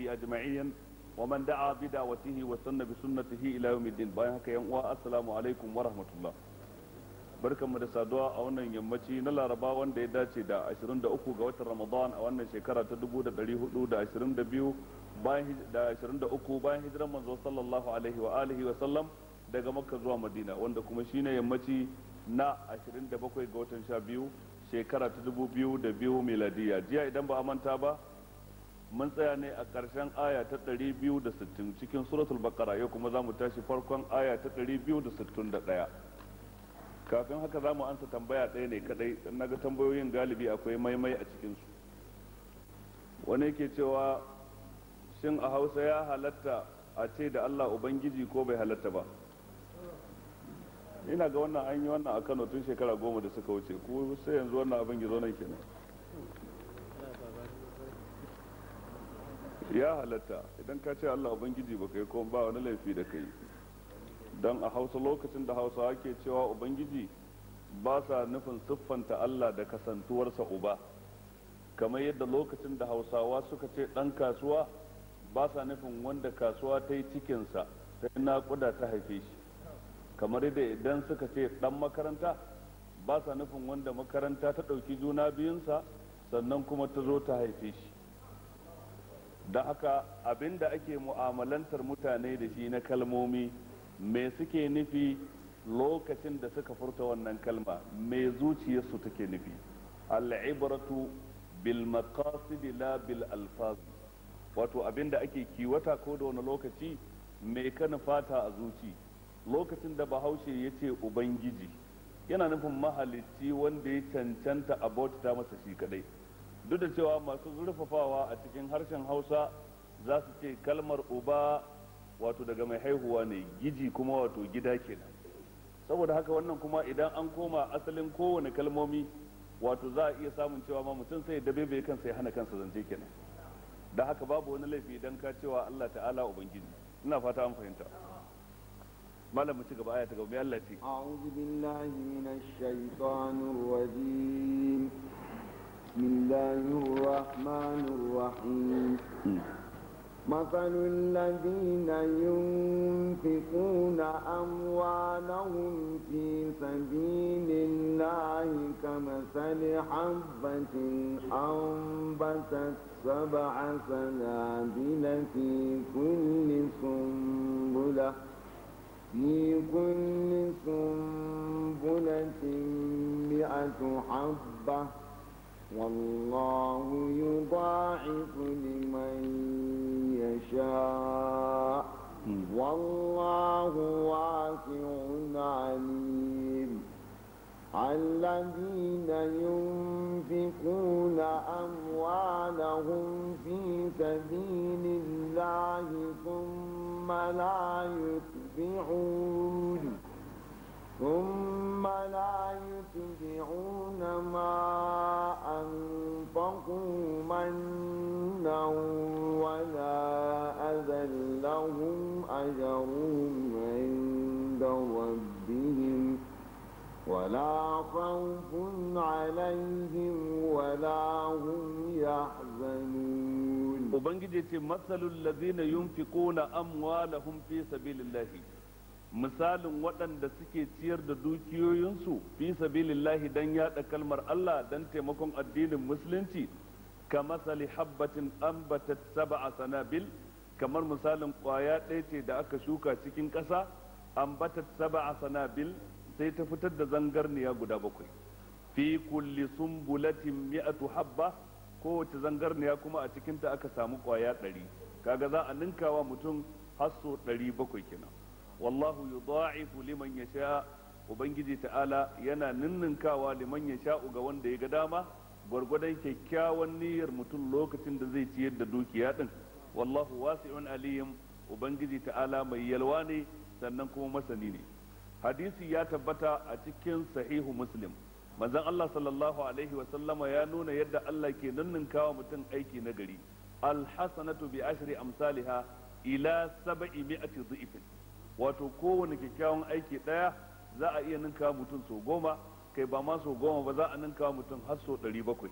أجمعين ومن دعا بدعوته وسن بسنته إلى يوم الدين bayan haka yan uwa assalamu alaikum wa rahmatullah barkanmu da saduwa a wannan yammaci na laraba wanda ya dace da 23 ga watan ramadan a wannan shekara ta 1422 bayan da 23 bayan hijiran manzo sallallahu alaihi wa alihi wa sallam daga makka zuwa madina wanda kuma shine yammaci na 27 ga watan 12 shekara ta 2002 miladiya jiya idan ba a manta ba mun tsaya ne a ƙarshen aya ta 260 cikin suratul bakara yau kuma za mu tashi farkon aya ta 261 kafin haka za mu ansa tambaya ɗaya ne kadai na ga tambayoyin galibi akwai maimai a cikinsu wani ke cewa shin a hausa ya halatta a ce da allah ubangiji ko bai halatta ba ina ga wannan an yi wannan a kano tun shekara goma da suka wuce ko sai yanzu wannan abin gizo nan kenan ya halatta idan ka ce Allah ubangiji baka yi kuma ba wani laifi da kai don a hausa lokacin da hausa ke cewa ubangiji ba sa nufin siffanta Allah da kasantuwarsa uba kamar yadda lokacin da hausawa suka ce ɗan kasuwa ba sa nufin wanda kasuwa ta yi cikinsa sai naƙuda ta haife shi kamar yadda idan suka ce ɗan makaranta ba sa nufin wanda makaranta ta ɗauki juna biyunsa sannan kuma ta zo ta haife shi da haka abinda ake mu'amalantar mutane da shi na kalmomi me suke nufi lokacin da suka furta wannan kalma me zuciyarsu take nufi al'ibaratu bil maqasidi la bil alfaz wato abinda ake kiwata ko da wani lokaci me ka fata a zuci lokacin da bahaushe ya ce ubangiji yana nufin mahalicci wanda ya cancanta a bauta masa shi kadai duk da cewa masu zurfafawa a cikin harshen hausa za su ce kalmar uba wato daga mai haihuwa ne giji kuma wato gida kenan saboda haka wannan kuma idan an koma asalin kowane kalmomi wato za a iya samun cewa ma mutum sai da bebe kansa ya hana kansa zance kenan da haka babu wani laifi idan ka cewa Allah ta'ala ubangiji ina fata an fahimta malam mu ci gaba aya ta gaba mai Allah ce a'udhu billahi minash shaitanir rajim بسم الله الرحمن الرحيم مثل الذين ينفقون أموالهم في سبيل الله كمثل حبة أنبتت سبع سنابل في كل سنبلة في كل سنبلة مئة حبة والله يضاعف لمن يشاء والله واسع عليم الذين ينفقون أموالهم في سبيل الله ثم لا يتبعون ثم لا يتبعون يتبعون ما أنفقوا منا ولا أذى لهم أجرهم عند ربهم ولا خوف عليهم ولا هم يحزنون وبنجد مثل الذين ينفقون أموالهم في سبيل الله misalin waɗanda suke ciyar da dukiyoyinsu fi sabilillahi dan yaɗa kalmar Allah dan taimakon addinin musulunci ka kamasali habbatin ambatat sab'a sanabil kamar misalin ƙwaya ɗaya ce da aka shuka cikin ƙasa ambatat sab'a sanabil sai ta fitar da zangarniya guda bakwai fi kulli sumbulatin mi'atu habba kowace zangarniya kuma a cikinta aka samu ƙwaya ɗari kaga za a ninkawa mutum har ɗari bakwai kenan wallahu yudha'ifu liman yasha ubangiji ta'ala yana ninninkawa liman yasha ga wanda ya ga dama gwargwadon kyakkyawan niyyar mutum lokacin da zai ciyar da dukiya din wallahu wasi'un aliyim ubangiji ta'ala mai yalwa ne sannan kuma masani ne hadisi ya tabbata a cikin sahihu muslim manzon Allah sallallahu alaihi wa sallama ya nuna yadda Allah ke ninninkawa mutum aiki na gari alhasanatu bi ashri amsalha ila sab'i mi'ati dhifin wato kowane kyakkyawan aiki ɗaya za a iya ninka mutum sau goma kai ba ma sau goma ba za a ninka mutum har sau ɗari bakwai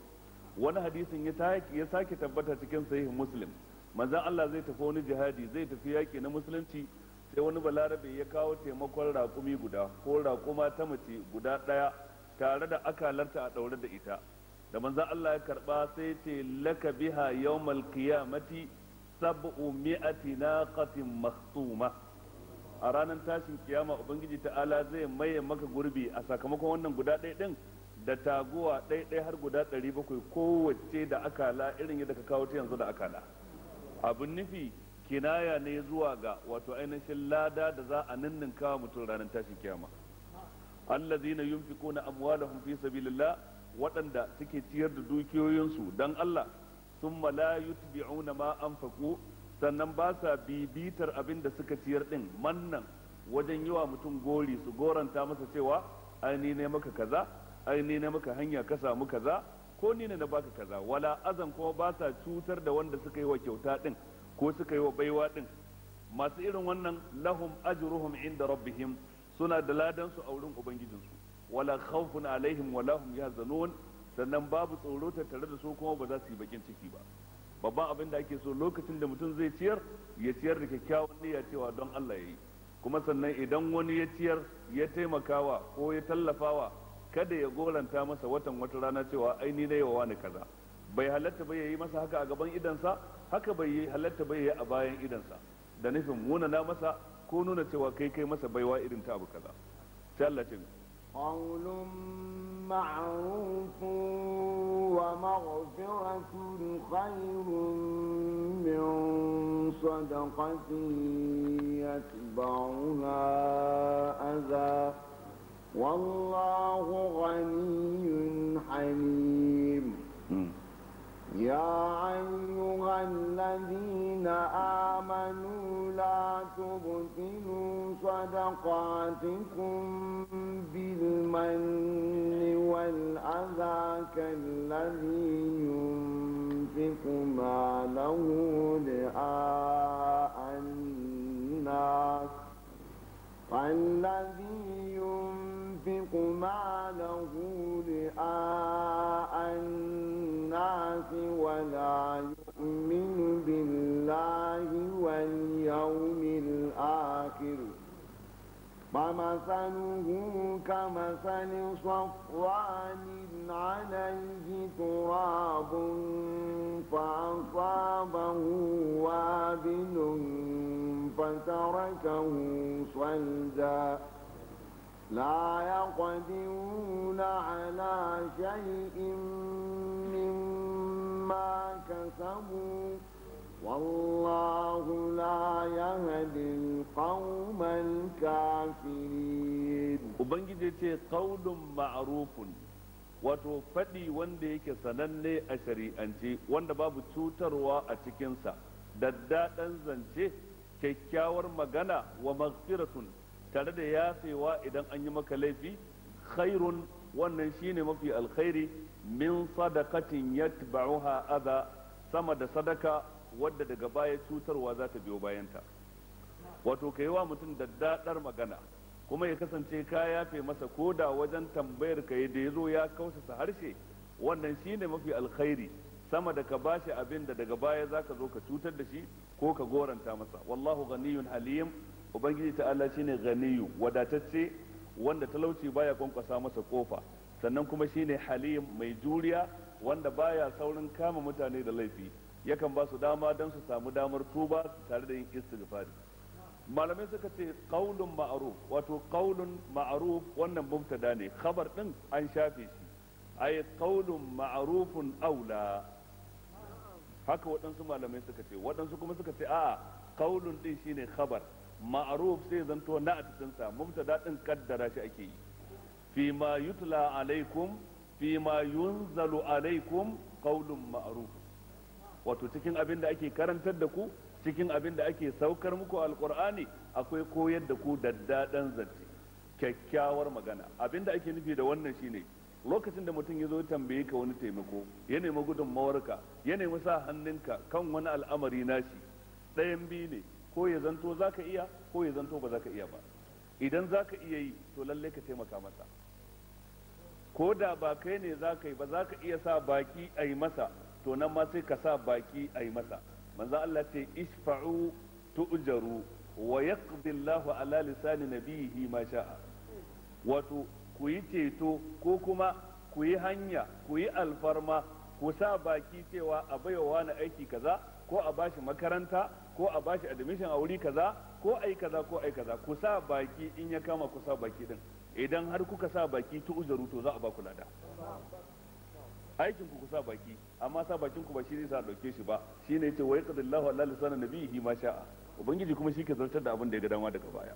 wani hadisin ya sake tabbata cikin sahihin muslim manzan Allah zai tafi wani jihadi zai tafi yaƙi na musulunci sai wani balarabe ya kawo taimakon raƙumi guda ko raƙuma ta mace guda ɗaya tare da akalarta a ɗaure da ita da manzan Allah ya karɓa sai ce laka biha yawmal qiyamati sab'u mi'ati naqatin mahtuma a ranar tashin kiyama ubangiji ta'ala zai maye maka gurbi a sakamakon wannan guda ɗaya ɗin da taguwa ɗaya ɗaya har guda ɗari bakwai kowace da akala irin yadda ka kawo ta yanzu da akala abin nufi kinaya ne zuwa ga wato ainihin lada da za a ninninka mutum ranar tashin kiyama na na amwalahum fi sabilillah waɗanda suke ciyar da dukiyoyinsu don Allah sun malayu yutbi'una ma anfaqu sannan ba sa bibitar abin da suka ciyar din mannan wajen yi wa mutum gori su goranta masa cewa ai ni ne maka kaza ai ni ne maka hanya ka samu kaza ko ni ne na baka kaza wala azan kuma ba sa cutar da wanda suka yi wa kyauta din ko suka yi wa baiwa din masu irin wannan lahum ajruhum inda rabbihim suna da ladan su a wurin su wala khawfun alaihim wala hum yahzanun sannan babu tsoro tattare da su kuma ba za su yi bakin ciki ba babban abin da ake so lokacin da mutum zai ciyar ya ciyar da kyakkyawan niyya cewa don Allah ya yi kuma sannan idan wani ya ciyar ya taimakawa ko ya tallafawa kada ya goranta masa watan wata rana cewa ai ni na wa wani kaza bai halatta bai yi masa haka a gaban idansa haka bai yi halatta bai yi a bayan idansa da nufin na masa ko nuna cewa kai kai masa baiwa irin ta abu kaza sai Allah ce قول معروف ومغفرة خير من صدقة يتبعها أذى والله غني حليم يا أيها الذين آمنوا لا تبطلوا صدقاتكم بالمن والمن ذاك الذي ينفق ماله رئاء الناس والذي ينفق ماله رئاء الناس ولا يؤمن فمثله كمثل صفوان عليه تراب فأصابه وابل فتركه صلدا لا يقدرون على شيء مما كسبوا والله لا يهدي القوم الكافرين وبنجي ce قول معروف wato faɗi wanda yake sananne a shari'ance wanda babu cutarwa a cikinsa daddaɗan zance kyakkyawar magana wa maghfiratun tare da yafewa idan an yi maka laifi khairun wannan shine mafi alkhairi min sadakatin yatba'uha adha sama da sadaka wadda daga baya cutarwa za ta biyo bayanta wato ka yi wa mutum daddadar magana kuma ya kasance ka yafe masa ko da wajen tambayar ka da ya zo ya kausasa harshe wannan shine mafi alkhairi sama da ka bashi abin da daga baya za ka zo ka cutar da shi ko ka goranta masa wallahu ganiyun halim ubangiji ta ta'ala shine ganiyu wadatacce wanda talauci baya kwankwasa masa kofa sannan kuma shine halim mai juriya wanda baya saurin kama mutane da laifi yakan ba su dama don su samu damar tuba tare da yin istighfari malamai suka ce kaulun ma'aruf wato kaulun ma'aruf wannan mubtada ne khabar din an shafe shi ay kaulun ma'arufun aula haka waɗansu malamai suka ce waɗansu kuma suka ce a'a kaulun din shine khabar ma'aruf sai zanto na a cikin sa mubtada din kaddara shi ake yi fi ma yutla alaikum fi ma yunzalu alaikum kaulun ma'aruf wato cikin abin da ake karantar da ku cikin abin da ake saukar muku alkur'ani akwai koyar da ku daddaɗan zance kyakkyawar magana abin da ake nufi da wannan shine lokacin da mutum ya zo tambaye ka wani taimako ya nemi gudunmawarka ya nemi sa hannunka kan wani al'amari nashi ɗayan biyu ne ko ya zanto za ka iya ko ya zanto ba za ka iya ba idan za ka iya yi to lalle ka taimaka masa ko da ba kai ne za ka yi ba za ka iya sa baki a yi masa to nan ma sai ka sa baki a yi masa manzo Allah ce isfa'u tu'jaru wa yaqdi Allah ala lisani nabihi ma sha'a wato ku yi ceto ko kuma ku yi hanya ku yi alfarma ku sa baki cewa a baiwa na aiki kaza ko a bashi makaranta ko a bashi admission a wuri kaza ko ai kaza ko ai kaza ku sa baki in ya kama ku sa baki din idan har kuka sa baki tu'jaru to za a ba ku lada aikin ku kusa baki amma sa bakin ku ba shi zai sa dauke shi ba shi ne yace wa yaqdillahu ala lisani nabihi ma sha'a ubangiji kuma shi ke zartar da abin da ya ga dama daga baya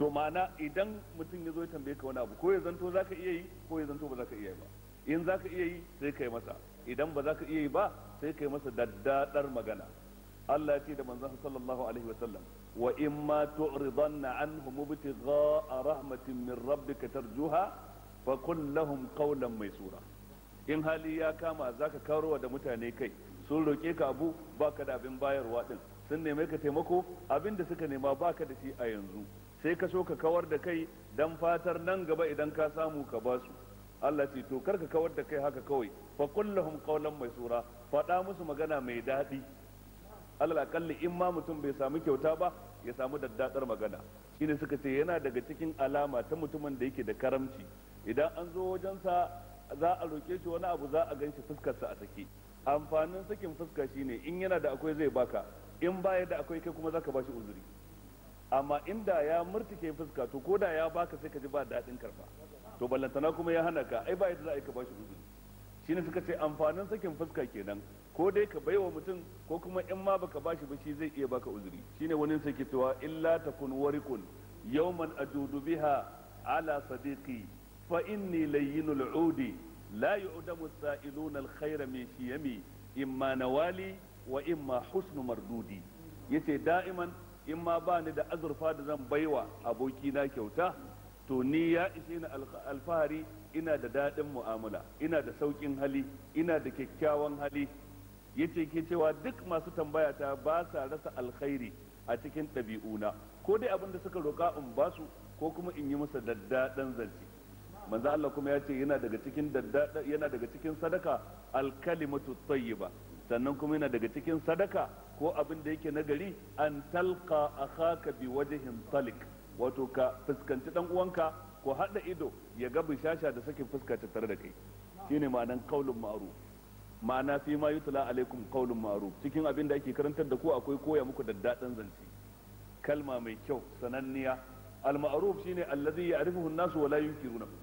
to ma'ana idan mutum ya zo ya tambaye ka wani abu ko ya zanto zaka iya yi ko ya zanto ba zaka iya yi ba in zaka iya yi sai kai masa idan ba zaka iya yi ba sai kai masa daddadar magana Allah ya ce da manzon sallallahu alaihi wasallam wa in ma tu'ridanna anhum ibtigha'a rahmatin min rabbika tarjuha fa qul lahum qawlan maysura in hali ya kama za zaka karowa da mutane kai sun roƙe ka abu baka da abin bayarwa ɗin sun neme ka taimako abin da suka nema ba ka da shi a yanzu sai ka so ka kawar da kai dan fatar nan gaba idan ka samu ka basu Allah ce to kar ka kawar da kai haka kawai fa kullahum qawlan tsora faɗa musu magana mai daɗi allah akalli in ma mutum bai samu kyauta ba ya samu daddadar magana shine suka ce yana daga cikin alama ta mutumin da yake da karamci idan an zo wajensa za a roke shi wani abu za a gan shi fuskarsa a sake amfanin sakin fuska shine in yana da akwai zai baka in baya da akwai kai kuma zaka bashi uzuri amma inda ya murtike fuska to ko da ya baka sai ka ji ba daɗin karfa to ballantana kuma ya hana ka ai ba yadda za a yi ka bashi uzuri shine suka ce amfanin sakin fuska kenan ko dai ka baiwa mutum ko kuma in ma baka bashi ba shi zai iya baka uzuri shine wani ke cewa illa takun warikun yawman ajudu biha ala sadiqi fa inni layyinul udi la yu'damu sa'iluna alkhayra min shiyami imma nawali wa imma husnu mardudi yace da'iman in ma ba ni da azurfa da zan baiwa abokina kyauta to ni ya ishe ni alfahari ina da daɗin mu'amala ina da saukin hali ina da kyakkyawan hali yace ke cewa duk masu tambaya ta ba sa rasa alkhairi a cikin ɗabi'una ko dai abin da suka roka in basu ko kuma in yi masa daddaɗan zance manzo Allah kuma ya ce yana daga cikin yana daga cikin sadaka al-kalimatu tayyiba sannan kuma yana daga cikin sadaka ko abin da yake nagari an talqa akhaka bi wajhin talik wato ka fuskanci dan uwanka ko hada ido ya ga bishasha da sakin fuska ta tare da kai shine ma'anan qaulun ma'ruf ma'ana fi ma yutla alaikum qaulun ma'ruf cikin abin da ake karantar da ku akwai koya muku daddadan zance kalma mai kyau sananniya al-ma'ruf shine allazi ya'rifuhu an-nasu wa la yunkirunahu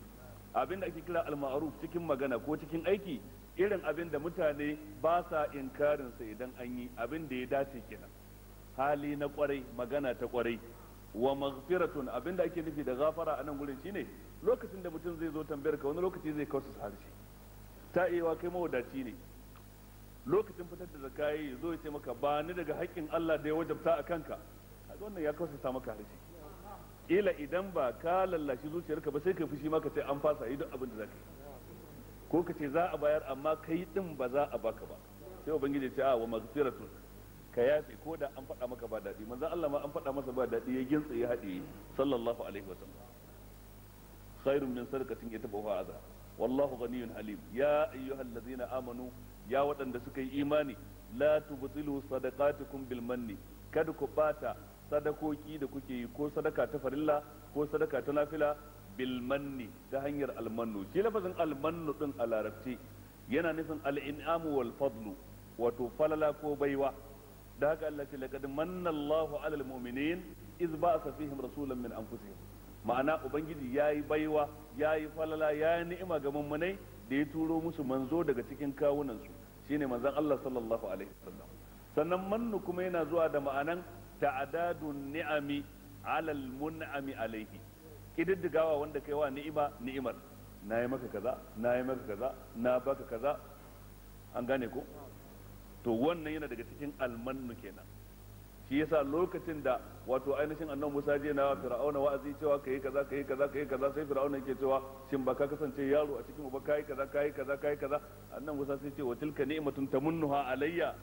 abin da ake kira al-ma'ruf cikin magana ko cikin aiki irin abin da mutane ba sa inkarin sa idan an yi abin da ya dace kenan hali na kwarai magana ta kwarai wa maghfiratun abin da ake nufi da gafara a nan gurin shine lokacin da mutum zai zo tambayar ka wani lokaci zai kawo kausa harshe ta iya kai mawadaci ne lokacin fitar da zakayi zo ya ce maka ba ni daga haƙƙin Allah da ya wajabta a kanka kaga wannan ya sa maka harshe kila idan ba ka lallashi zuciyarka ba sai ka fushi ma ka ce an fasa yi duk abin da zaka yi ko ka ce za a bayar amma kai din ba za a baka ba sai ubangiji ce a wa masu maghfiratun ka yafe ko da an faɗa maka ba daɗi manzon Allah ma an faɗa masa ba daɗi ya gintsa ya haɗe sallallahu alaihi wa sallam khairun min sadaqatin yatabawa azab wallahu ghaniyyun halim ya ayyuhallazina amanu ya waɗanda suka yi imani la tubtilu sadaqatukum bil manni kada ku bata sadakoki da kuke yi ko sadaka ta farilla ko sadaka ta nafila bil ta hanyar almannu shi lafazin almannu din a larabci yana nufin al'inamu wal fadlu wato falala ko baiwa da haka Allah ce laqad manna Allahu 'alal mu'minin iz ba'atha fihim rasulan min anfusihim ma'ana ubangiji yayi baiwa yayi falala yayi ni'ima ga mummunai da ya turo musu manzo daga cikin kawunan su shine manzan Allah sallallahu alaihi wasallam sannan mannu kuma yana zuwa da ma'anan ta'adadun ni'ami alal mun'ami alaihi kididdigawa wanda kai wa ni'ima ni'imar na maka kaza na maka kaza na baka kaza an gane ko to wannan yana daga cikin almannu kenan shi yasa lokacin da wato ainihin annabi musa ji na fir'auna wa'azi cewa kai kaza kai kaza kai kaza sai fir'auna yake cewa shin ba ka kasance yaro a cikin ba kai kaza kai kaza kai kaza annabi musa sai ce wa tilka ni'matun tamunnuha alayya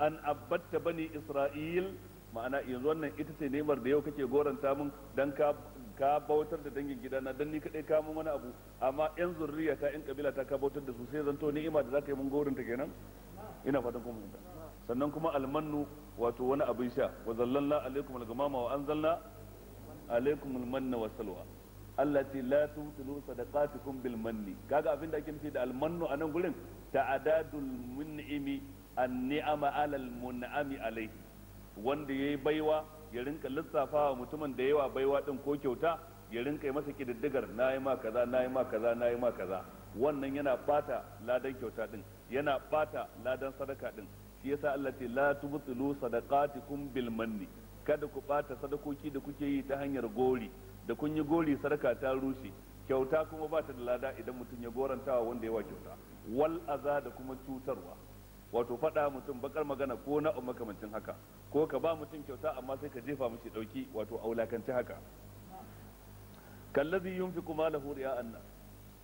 an abatta bani isra'il ma'ana yanzu wannan ita ce nemar da yau kake goranta mun dan ka ka bautar da dangin gidana dan ni kadai ka mun wani abu amma yan zurriya ta yan kabila ta ka bautar da su sai zanto ni'ima da zaka yi mun goranta kenan ina fatan kun fahimta sannan kuma almannu wato wani abin sha wa na alaikum al-gamama wa anzalna alaikum al-manna wa salwa allati la tubtilu sadaqatikum bil manni kaga abinda ake nufi da almannu a nan gurin ta'adadul mun'imi an ni'ama alal mun'ami alaihi wanda ya yi baiwa ya rinka lissafa wa mutumin da yawa baiwa ɗin ko kyauta ya rinka yi masa kididdigar na yi ma kaza na yi ma kaza na yi ma kaza wannan yana bata ladan kyauta din yana bata ladan sadaka ɗin shi yasa Allah ce la tubtilu sadaqatikum bil manni kada ku bata sadakoki da kuke yi ta hanyar gori da kun yi gori sadaka ta rushe kyauta kuma bata da lada idan mutum ya gorantawa wanda yawa kyauta wal aza da kuma cutarwa wato faɗa mutum bakar magana ko na makamancin haka ko ka ba mutum kyauta amma sai ka jefa mishi ɗauki wato a haka kallazi yunfiqu malahu ri'a'an anna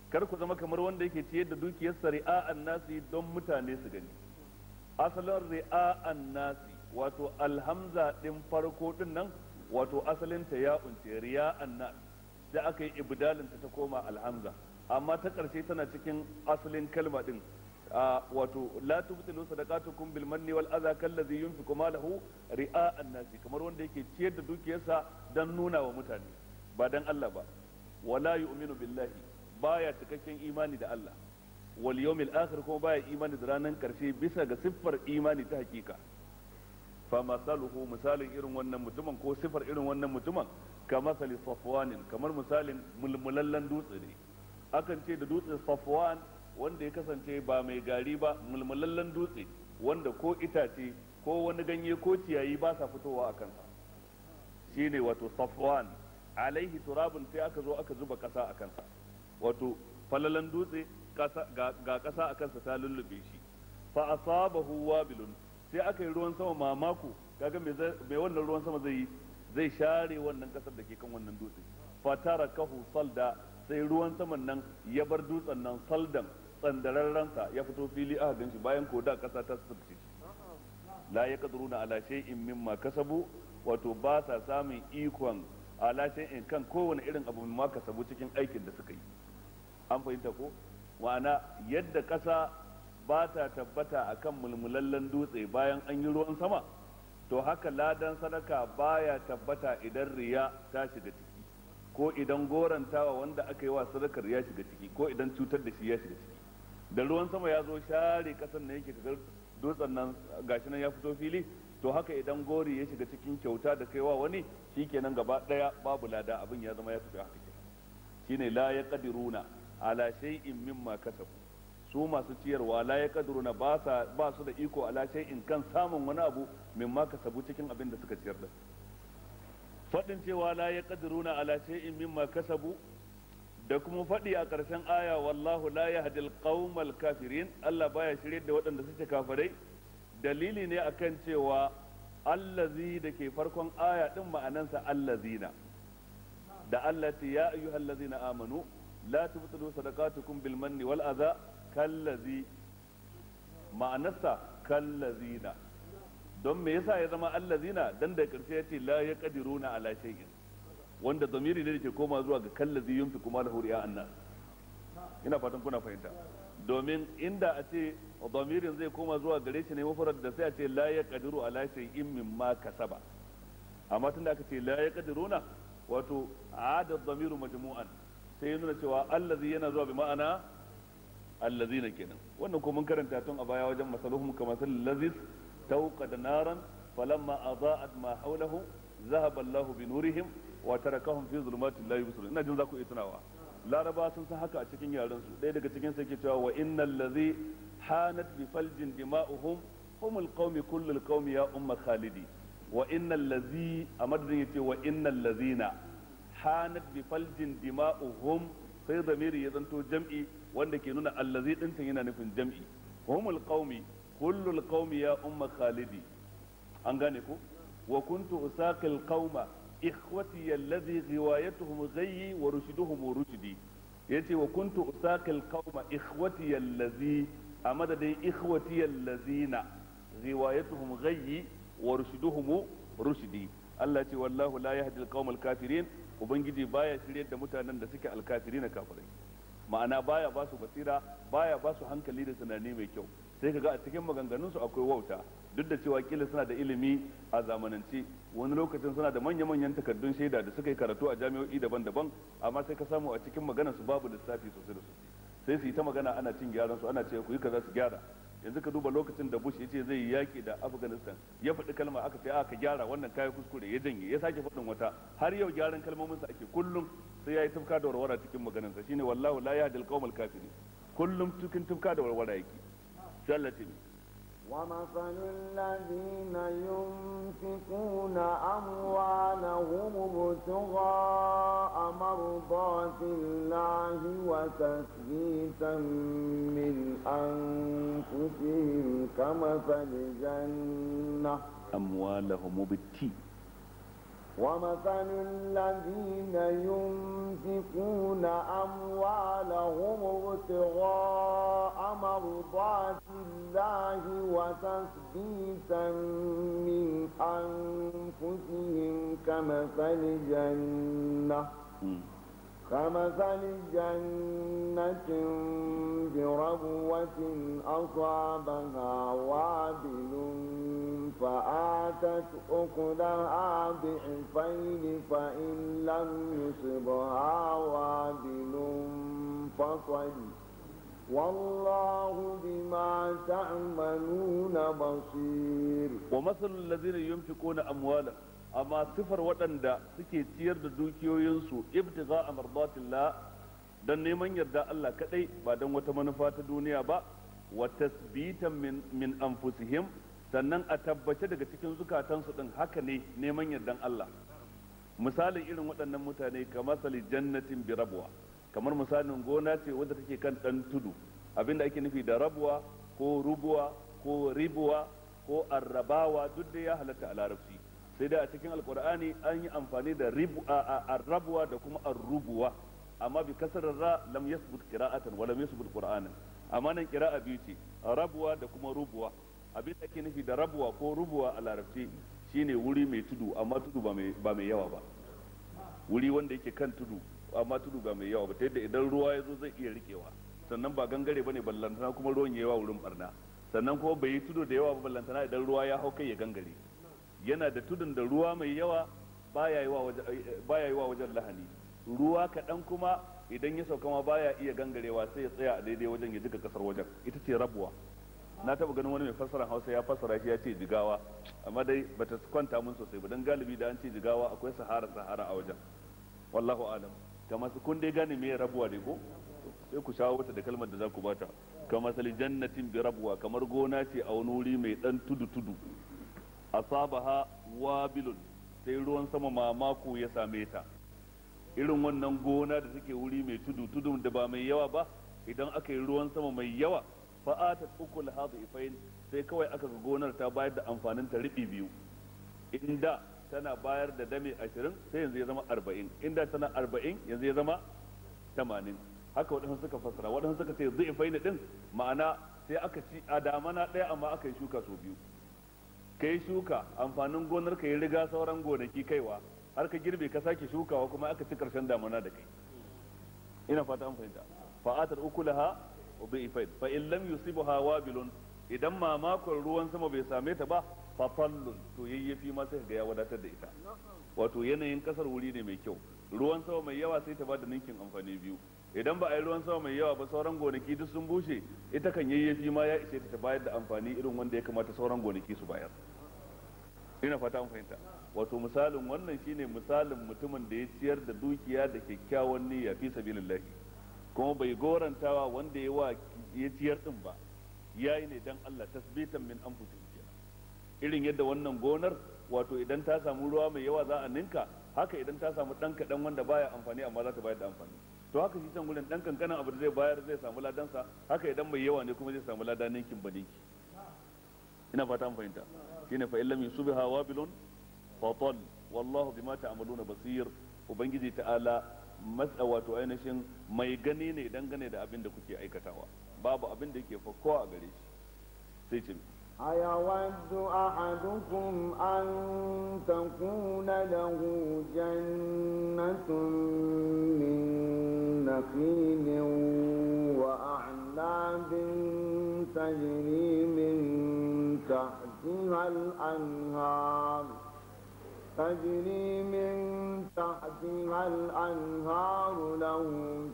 kar ku zama kamar wanda yake ciyar da dukiyarsa ri'a'an nasi don mutane su gani asalin ri'a'an nasi wato alhamza din farko din nan wato asalin ta ya unce riya anna da aka yi ibdalin ta ta koma alhamza amma ta ƙarshe tana cikin asalin kalma din wato la tubtilu sadaqatukum bil manni wal adha kallazi yunfiqu malahu ri'a an-nas kamar wanda yake ciyar da dukiyarsa dan nuna wa mutane ba dan Allah ba wala yu'minu billahi baya cikakken imani da Allah wal yawmil akhir kuma baya imani da ranan karshe bisa ga siffar imani ta hakika fa masaluhu misalin irin wannan mutumin ko siffar irin wannan mutumin ka masali safwanin kamar misalin mulmulallen dutse ne akan ce da dutse safwan wanda ya kasance ba mai gari ba mulmulallen dutse wanda ko itace ko wani ganye ko ciyayi ba sa fitowa a kansa shi ne wato safwan alaihi turabun sai aka zo aka zuba kasa a kansa wato falalan dutse ga kasa a kansa ta lullube shi fa asabahu wabilun sai aka yi ruwan sama mamako kaga me wannan ruwan sama zai zai share wannan kasar da ke kan wannan dutse fatara kahu salda sai ruwan saman nan ya bar dutsen nan saldan tsandararren sa ya fito fili aka shi bayan ko da kasa ta tsirce la yaqdiruna ala shay'in mimma kasabu wato ba sa samun ikon ala shay'in kan kowane irin abu mimma kasabu cikin aikin da suka yi an fahimta ko ma'ana yadda kasa ba ta tabbata kan mulmulallen dutse bayan an yi ruwan sama to haka ladan sadaka baya tabbata idan riya ta shiga ciki ko idan gorantawa wanda aka yi wa sadakar ya shiga ciki ko idan cutar da shi ya shiga ciki da ruwan sama ya zo share kasan da yake kagar dutsen nan gashi nan ya fito fili to haka idan gori ya shiga cikin kyauta da kaiwa wani shikenan gaba daya babu lada abin ya zama ya tafi haka kenan shine la yaqdiruna ala shay'in mimma kasabu su masu ciyarwa la yaqdiruna ba sa ba su da iko ala shay'in kan samun wani abu mimma kasabu cikin abin da suka ciyar da fadin cewa la yaqdiruna ala shay'in mimma kasabu da kuma faɗi a ƙarshen aya wallahu la yahdi alqaumal kafirin Allah baya shirye da waɗanda suke kafirai dalili ne akan cewa allazi da ke farkon aya din ma'anansa allazina da Allah ce ya allazina amanu la tubtilu sadaqatukum bil manni wal adha kallazi ma'anarsa kallazina don me yasa ya zama allazina dan da ya yace la yaqdiruna ala shay'in wanda zamiri ne ke koma zuwa ga kallazi yunfi kuma da huriya annas ina fatan kuna fahimta domin inda a ce zamirin zai koma zuwa gare shi ne mafarad da sai a ce la ya kadiru ala min ma kasaba amma tunda aka ce la ya kadiruna wato ada zamiru majmu'an sai ya nuna cewa allazi yana zuwa bi ma'ana allazi na kenan wannan ko mun karanta tun a baya wajen masaluhum kama sallazis tawqad naran falamma adaa'at ma hawlahu ذهب الله بنورهم wa tarakahum fi zulumatin la yubsirun ina jin za ku iya tunawa laraba sun san haka a cikin yaran su ɗaya daga cikin sai ke cewa wa innal ladhi hanat bi faljin dima'uhum humul qaumi kullul qaumi ya umma khalidi wa innal ladhi a madadin yace wa innal ladhina hanat bi faljin dima'uhum sai zamiri ya zanto jam'i wanda ke nuna allazi dinta yana nufin jam'i humul qaumi kullul qaumi ya umma khalidi an gane ko wa kuntu usaqil qauma ikhwati alladhi riwayatuhum ghayyi wa rushduhum rushdi yace wa kuntu usaqil qauma ikhwati allazi a madadin ikhwati allazina riwayatuhum ghayyi wa rushduhum rushdi Allah ce wallahu la yahdi alqaum alkafirin ubangiji baya shiryar da mutanen da suke alkafirin kafirai ma'ana baya ba su basira baya ba su hankali da tunani mai kyau sai kaga a cikin maganganunsu akwai wauta duk da cewa kila suna da ilimi a zamanance wani lokacin suna da manya-manyan takardun shaida da suka yi karatu a jami'o'i daban-daban amma sai ka samu a cikin magana su babu lissafi sosai da sosai sai su yi ta magana ana cin gyaran su ana ce ku yi kaza su gyara yanzu ka duba lokacin da Bush ya ce zai yi yaki da Afghanistan ya faɗi kalma aka ce aka ah, gyara wannan kayan kuskure ya janye ya sake faɗin wata har yau gyaran kalmomin sa ake kullum sai ya yi tufka da warwara cikin maganansa shine wallahu la yahdil qawmal kafirin kullum cikin tufka da warwara yake wamafanin lafiyin na yunus kuna a muana hu mu butuka a marubotin na a min a nkutu kama fani gyan na. a muana ومثل الذين ينفقون أموالهم ابتغاء مرضات الله وتثبيتا من أنفسهم كمثل جنة كمثل جنة بربوة أصابها وابل فآتت أكلها ضعفين فإن لم يصبها وابل فصل والله بما تعملون بصير ومثل الذين ينفقون أموالهم amma sifar waɗanda suke ciyar da dukiyoyinsu ibtiga a mardatillah don neman yarda Allah kaɗai ba don wata manufa ta duniya ba wa tasbita min anfusihim sannan a tabbace daga cikin zukatansu din haka ne neman yardan Allah misalin irin waɗannan mutane kamar sali jannatin bi rabuwa kamar misalin gona ce wadda take kan ɗan tudu abinda ake nufi da rabuwa ko rubuwa ko ribuwa ko arrabawa duk da ya halatta a larabci sai dai a cikin alkur'ani an yi amfani da arrabuwa da kuma arrubuwa amma bi kasarar ra lam yasbut qira'atan wa lam yasbut qur'anan amma nan qira'a biyu ce rabuwa da kuma rubuwa abin da ake nufi da rabuwa ko rubuwa a larabci shine wuri mai tudu amma tudu ba mai yawa ba wuri wanda yake kan tudu amma tudu ba mai yawa ba ta yadda idan ruwa ya zo zai iya rikewa sannan ba gangare ba ne ballantana kuma ruwan yawa wurin barna sannan kuma bai yi tudu da yawa ba ballantana idan ruwa ya hau kai ya gangare yana da tudun da ruwa mai yawa baya yi wa wajen lahani ruwa kaɗan kuma idan ya sauka ma baya iya gangarewa sai ya tsaya a daidai wajen ya jika kasar wajen ita ce rabuwa na taba ganin wani mai fassara hausa ya fassara shi ya ce jigawa amma dai bata kwanta mun sosai ba don galibi da an ce jigawa akwai sahara sahara a wajen wallahu alam kamar su kun dai gane me rabuwa ne ko sai ku shawo wata da kalmar da za ku bata kamar sali jannatin bi rabuwa kamar gona ce a wani wuri mai dan tudu tudu asabaha wabilun sai ruwan sama mamako ya same ta irin wannan gona da take wuri mai tudu tudu da ba mai yawa ba idan aka yi ruwan sama mai yawa uku da hadu hadifain sai kawai aka ga gonar ta bayar da amfanin ta ribi biyu inda tana bayar da dame 20 sai yanzu ya zama 40 inda tana 40 yanzu ya zama 80 haka waɗansu suka fasara waɗansu suka ce zaifain din ma'ana sai aka ci a damana ɗaya amma aka yi shuka sau biyu ka yi shuka amfanin gonar ka yi riga sauran gonaki kaiwa har ka girbe ka sake shukawa kuma aka ci karshen damana da kai ina fata an fahimta fa'atar laha. wa bi'fain fa in lam yusibha wabilun idan mamakon ruwan sama bai same ta ba fa fallun to yayyafi ma sai ga ya wadatar da ita wato yanayin kasar wuri ne mai kyau ruwan sama mai yawa sai ta ba da ninkin amfani biyu idan ba a yi ruwan sama mai yawa ba sauran gonaki duk sun bushe ita kan yayyafi ma ya ishe ta bayar da amfani irin wanda ya kamata sauran gonaki su bayar ina fata an fahimta wato misalin wannan shine misalin mutumin da ya ciyar da dukiya da kyakkyawan niyya fi sabilillahi kuma bai gorantawa wanda ya wa ya ciyar din ba ya yi ne dan Allah tasbitan min anfusihim kenan irin yadda wannan gonar wato idan ta samu ruwa mai yawa za a ninka haka idan ta samu dan kadan wanda baya amfani amma za ta bayar da amfani to haka shi can gurin dan kankanin abu da zai bayar zai samu ladansa haka idan mai yawa ne kuma zai samu lada ninkin ba ninki ina fata an fahimta shine fa illam yusbiha wabilun fa tal wallahu bima ta'maluna basir ubangiji ta'ala matsa wato ainihin mai gani ne dangane da abin da kuke aikatawa babu abin da yake fakko a gare shi sai ce أيود أحدكم na تكون له جنة من نخيل وأعناب تجري من تحتها الأنهار تجري من تحتها الأنهار له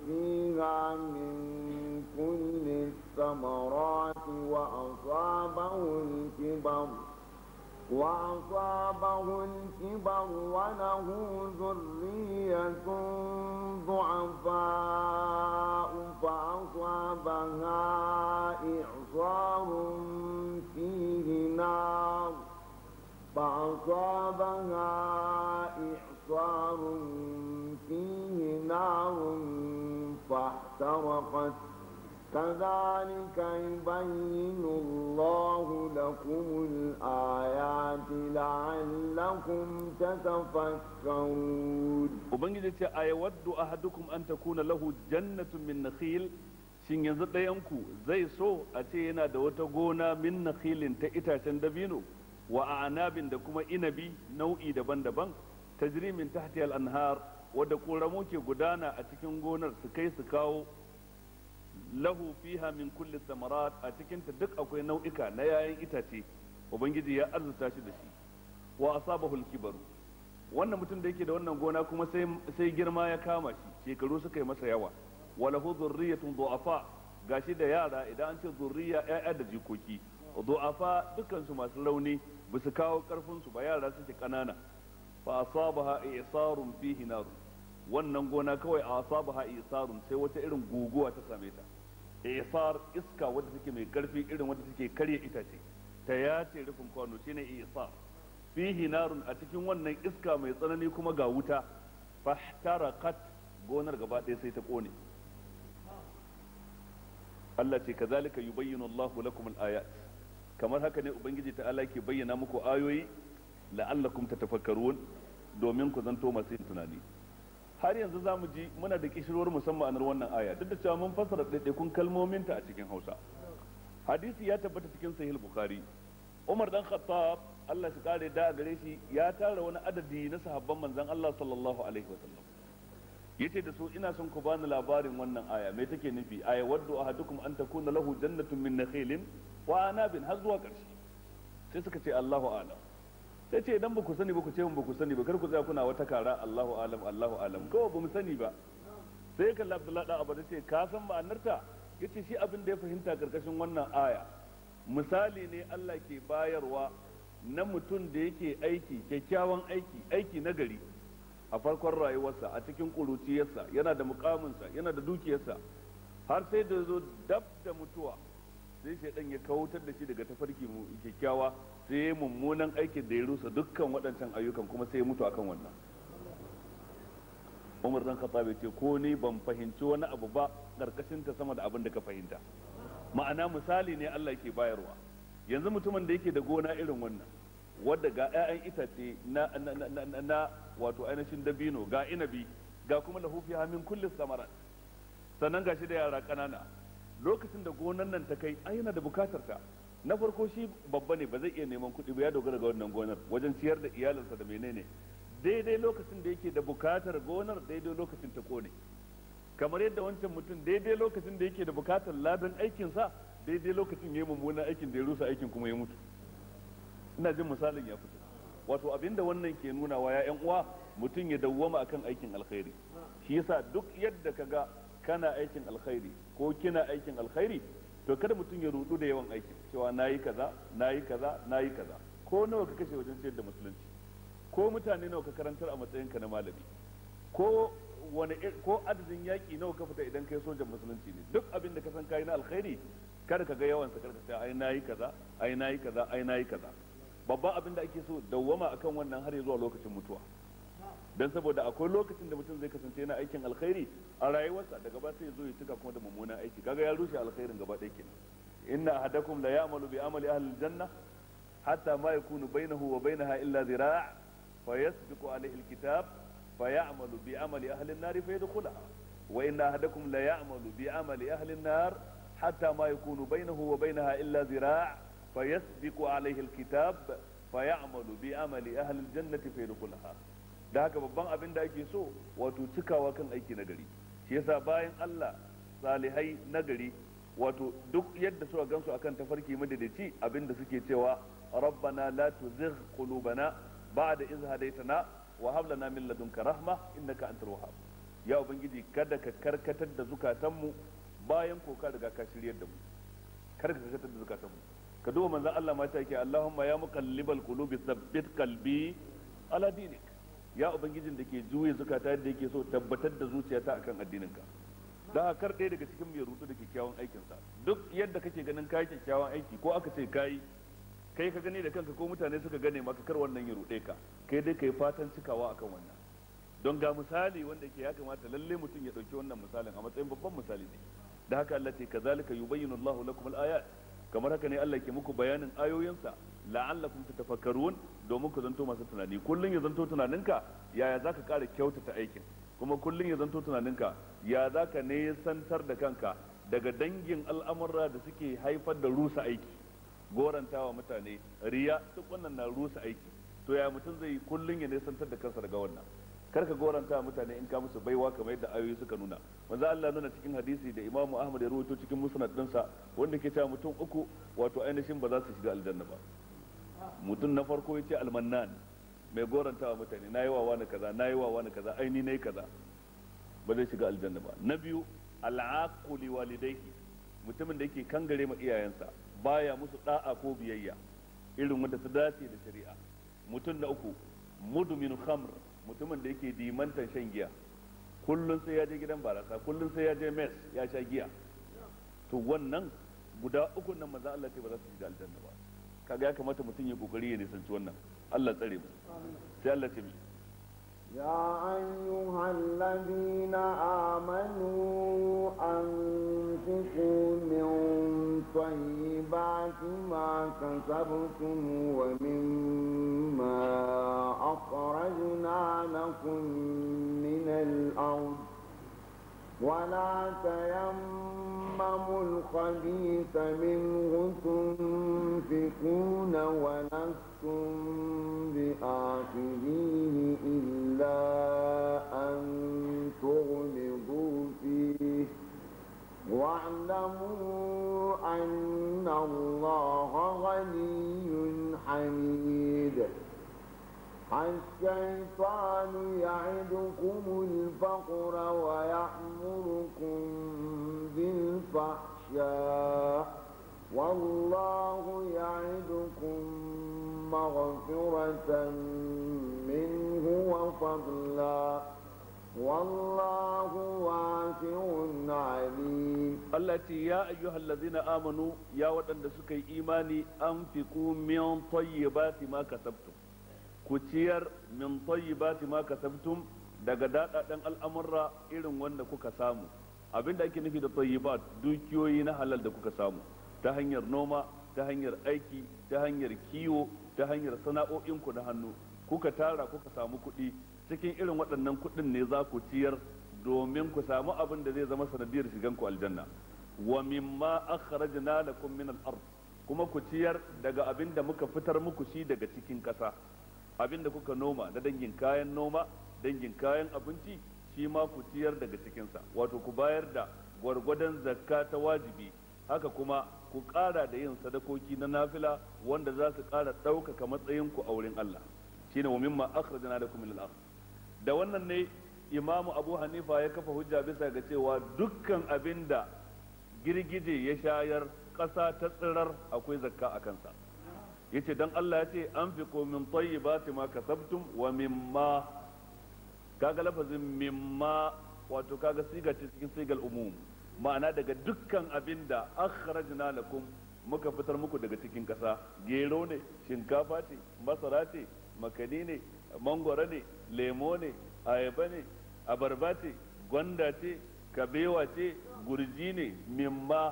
فيها من كل الثمرات وأصابه الكبر وأصابه الكبر وله ذرية ضعفاء فأصابها إعصار أصابها إحصار فيه نار فاحترقت كذلك يبين الله لكم الآيات لعلكم تتفكرون وبنجد أيود أحدكم أن تكون له جنة من نخيل shin yanzu ɗayanku zai so a ce yana da wata gona min nakhilin ta itacen dabino wa anabin da kuma inabi nau'i daban-daban tajrimin tahti al-anhar wadda koramu ke gudana a cikin gonar su kai su kawo lahu fiha min kulli samarat a cikin ta duk akwai nau'ika na yayan itace ubangiji ya arzuta shi da shi wa asabahu al-kibaru wannan mutum da yake da wannan gona kuma sai girma ya kama shi shekaru suka yi masa yawa wa lahu zurriyatun du'afa gashi da yara idan an ce zurriya ya'ya da jikoki du'afa dukkan su masu rauni ba su kawo karfin su ba yara suke kanana fa asabaha isarun fihi nar wannan gona kawai asabaha isarun sai wata irin guguwa ta same ta isar iska wadda take mai karfi irin wadda take karya itace ta ya ce rufin kwano shine isar fihi narun a cikin wannan iska mai tsanani kuma ga wuta fahtaraqat gonar gaba ɗaya sai ta kone Allah ce kazalika yubayyinu Allahu lakum al-ayat kamar haka ne ubangiji ta ala ke bayyana muku ayoyi la'allakum tatafakkarun domin ku zanto masu yin tunani har yanzu za mu ji muna da kishirwar musamman anar wannan aya duk da cewa mun fassara ɗaiɗaikun kalmominta a cikin hausa hadisi ya tabbata cikin sahih bukhari umar dan khattab Allah shi kare da gare shi ya tara wani adadi na sahabban manzon Allah sallallahu alaihi wasallam yace da so ina son ku bani labarin wannan aya me take nufi aya waddu ahadukum an takuna lahu jannatun min nakhilin wa anabin har zuwa karshe sai suka ce Allahu a'lam sai ce idan ku sani ba ku ce mun ku sani ba kar ku tsaya kuna wata kara Allahu a'lam Allahu a'lam kawai mu sani ba sai ka Abdullahi da abada ce ka san ma'anarta yace shi abin da ya fahimta karkashin wannan aya misali ne Allah ke bayarwa na mutum da yake aiki kyakkyawan aiki aiki na gari a farkon rayuwarsa a cikin ƙuruciyarsa yana da mukaminsa yana da dukiyarsa har sai da zo dab da mutuwa sai shaidan ya kawutar da shi daga tafarki mu kyakkyawa sai ya mummunan aikin da ya rusa dukkan waɗancan ayyukan kuma sai ya mutu akan wannan umar kasa khattab ce ko ni ban fahimci wani abu ba karkashin ta sama da abin da ka fahimta ma'ana misali ne Allah ke bayarwa yanzu mutumin da yake da gona irin wannan wadda ga 'ya'yan itace na na wato ainihin dabino ga inabi ga kuma lahufi hamin kulle kulli samarat sannan shi da yara kanana lokacin da gonan nan ta kai ai yana da bukatar ta na farko shi babba ne ba zai iya neman kuɗi ba ya dogara ga wannan gonar wajen ciyar da iyalinsa da menene daidai lokacin da yake da bukatar gonar daidai lokacin ta kone kamar yadda wancan mutum daidai lokacin da yake da bukatar ladan aikinsa daidai lokacin ya yi mummunan aikin da ya rusa aikin kuma ya mutu ina jin misalin ya fito wato abinda wannan ke nuna wa ya'yan uwa mutum ya dawwama akan aikin alkhairi shi yasa duk yadda kaga kana aikin alkhairi ko kina aikin alkhairi to kada mutum ya rudu da yawan aikin cewa nayi kaza nayi kaza nayi kaza ko nawa ka kashe wajen ciyar da musulunci ko mutane nawa ka karantar a matsayin ka na malami ko wani ko adadin yaki nawa ka fita idan kai sojan musulunci ne duk abin da ka san kai na alkhairi kada ka ga yawan sa kada ka ai nayi kaza ai nayi kaza ai nayi kaza babban abin da ake so dawwama akan wannan har zuwa lokacin mutuwa dan saboda akwai lokacin da mutum zai kasance yana aikin alkhairi a rayuwarsa daga ba sai zo ya cika kuma da mummunan aiki kaga ya rushe alkhairin gaba ɗaya kenan inna ahadakum la ya'malu bi amali ahli aljanna hatta ma yakunu bainahu wa bainaha illa zira' fa yasbiqu alayhi alkitab fa ya'malu bi amali ahli an-nar fa yadkhulaha wa inna ahadakum la ya'malu bi amali ahli an-nar hatta ma yakunu bainahu wa bainaha illa zira' fayasbiqu alaihi alkitab fayamalu bi amali ahli aljannati fayadkhulaha da haka babban abin da ake so wato cikawa kan aiki nagari gari shi yasa bayan Allah salihai nagari wato duk yadda suka gansu akan tafarki madadaci abin da suke cewa rabbana la tuzigh qulubana ba'da iz hadaytana wa hab lana min ladunka rahma innaka antal wahhab ya ubangiji kada ka karkatar da zukatanmu bayan ko ka riga ka shiryar da mu karkatar da zukatanmu ka duba manzon Allah ma ta yake Allahumma ya muqallibal qulubi tsabbit qalbi ala dinik ya ubangijin da ke juye zukata yadda yake so tabbatar da zuciyata akan addininka da kar ɗaya daga cikin mai rutu da kyakkyawan aikinsa duk yadda kake ganin kayi kyakkyawan aiki ko aka ce kayi kai ka gani da kanka ko mutane suka gane maka kar wannan ya ruɗe ka kai dai yi fatan cikawa akan wannan don ga misali wanda ke ya kamata lalle mutum ya ɗauki wannan misalin a matsayin babban misali ne da haka Allah ce kazalika yubayyinu Allahu lakum al-ayat kamar haka ne Allah ke muku bayanin ayoyinsa la'allakum tatafakkarun domin ku zanto masu tunani kullun ya zanto tunaninka yaya zaka kara kyautata aikin kuma kullun ya zanto tunaninka ya zaka ne santar da kanka daga dangin al'amurra da suke haifar da rusa aiki gorantawa mutane riya duk wannan na rusa aiki to ya mutum zai kullun ya ne santar da kansa daga wannan kar ka goranta mutane in ka musu baiwa kamar yadda ayoyi suka nuna manzo Allah nuna cikin hadisi da Imam Ahmad ya rawaito cikin musnad dinsa wanda ke cewa mutum uku wato ainihin ba za su shiga aljanna ba mutum na farko yace almannan mai goranta wa mutane nayi wa wani kaza nayi wa wani kaza aini nayi kaza ba zai shiga aljanna ba na biyu al'aqu li walidayhi mutumin da yake kangare ma iyayensa baya musu da'a ko biyayya irin wanda ta dace da shari'a mutum na uku mudmin khamr mutumin da yake dimantan shan giya kullum sai ya je gidan barasa kullum sai ya je mes ya sha giya to wannan guda uku nan maza Allah ce ba za su shiga aljanna ba kaga ya kamata mutum ya kokari ya nisanci wannan Allah tsare mu sai Allah ce amanu an أيها الذين آمنوا أنفقوا من طيبات ما wa min. من الأرض ولا تيمموا الخبيث منه تنفقون ولستم بآخذيه إلا أن تغمضوا فيه واعلموا أن الله غني حميد الشيطان يعدكم الفقر ويأمركم بالفحشاء والله يعدكم مغفرة منه وفضلا والله واسع عليم التي يا أيها الذين آمنوا يا ودن سكي إيماني أنفقوا من طيبات ما كتبتم ku ciyar min tayyibati ma kasabtum daga dadadan al'amurra irin wanda kuka samu abinda ake nufi da tayyibat dukiyoyi na halal da kuka samu ta hanyar noma ta hanyar aiki ta hanyar kiwo ta hanyar sana'o'inku na hannu kuka tara kuka samu kuɗi cikin irin waɗannan kuɗin ne za ku ciyar domin ku samu abin da zai zama sanadiyar shigan ku aljanna wa mimma akhrajna lakum min al-ard kuma ku ciyar daga abin da muka fitar muku shi daga cikin ƙasa abin da kuka noma na dangin kayan noma dangin kayan abinci shi ma ku ciyar daga cikinsa wato ku bayar da gwargwadon zakka ta wajibi haka kuma ku ƙara da yin sadakoki na nafila wanda za su ƙara ɗaukaka matsayinku a wurin Allah shine wa mimma akhrajna lakum min al-ardh da wannan ne imamu abu hanifa ya kafa hujja bisa ga cewa dukkan abin da girgije ya shayar ƙasa ta tsirar akwai zakka a kansa yace dan Allah yace anfiqu min tayyibati ma kasabtum wa mimma kaga lafazin mimma wato kaga siga ce cikin sigal umum ma'ana daga dukkan abin da akhrajna lakum muka fitar muku daga cikin kasa gero ne shinkafa ce masara ce makani ne mangwara ne lemo ne ayaba ne abarba ce gwanda ce kabewa ce gurji ne mimma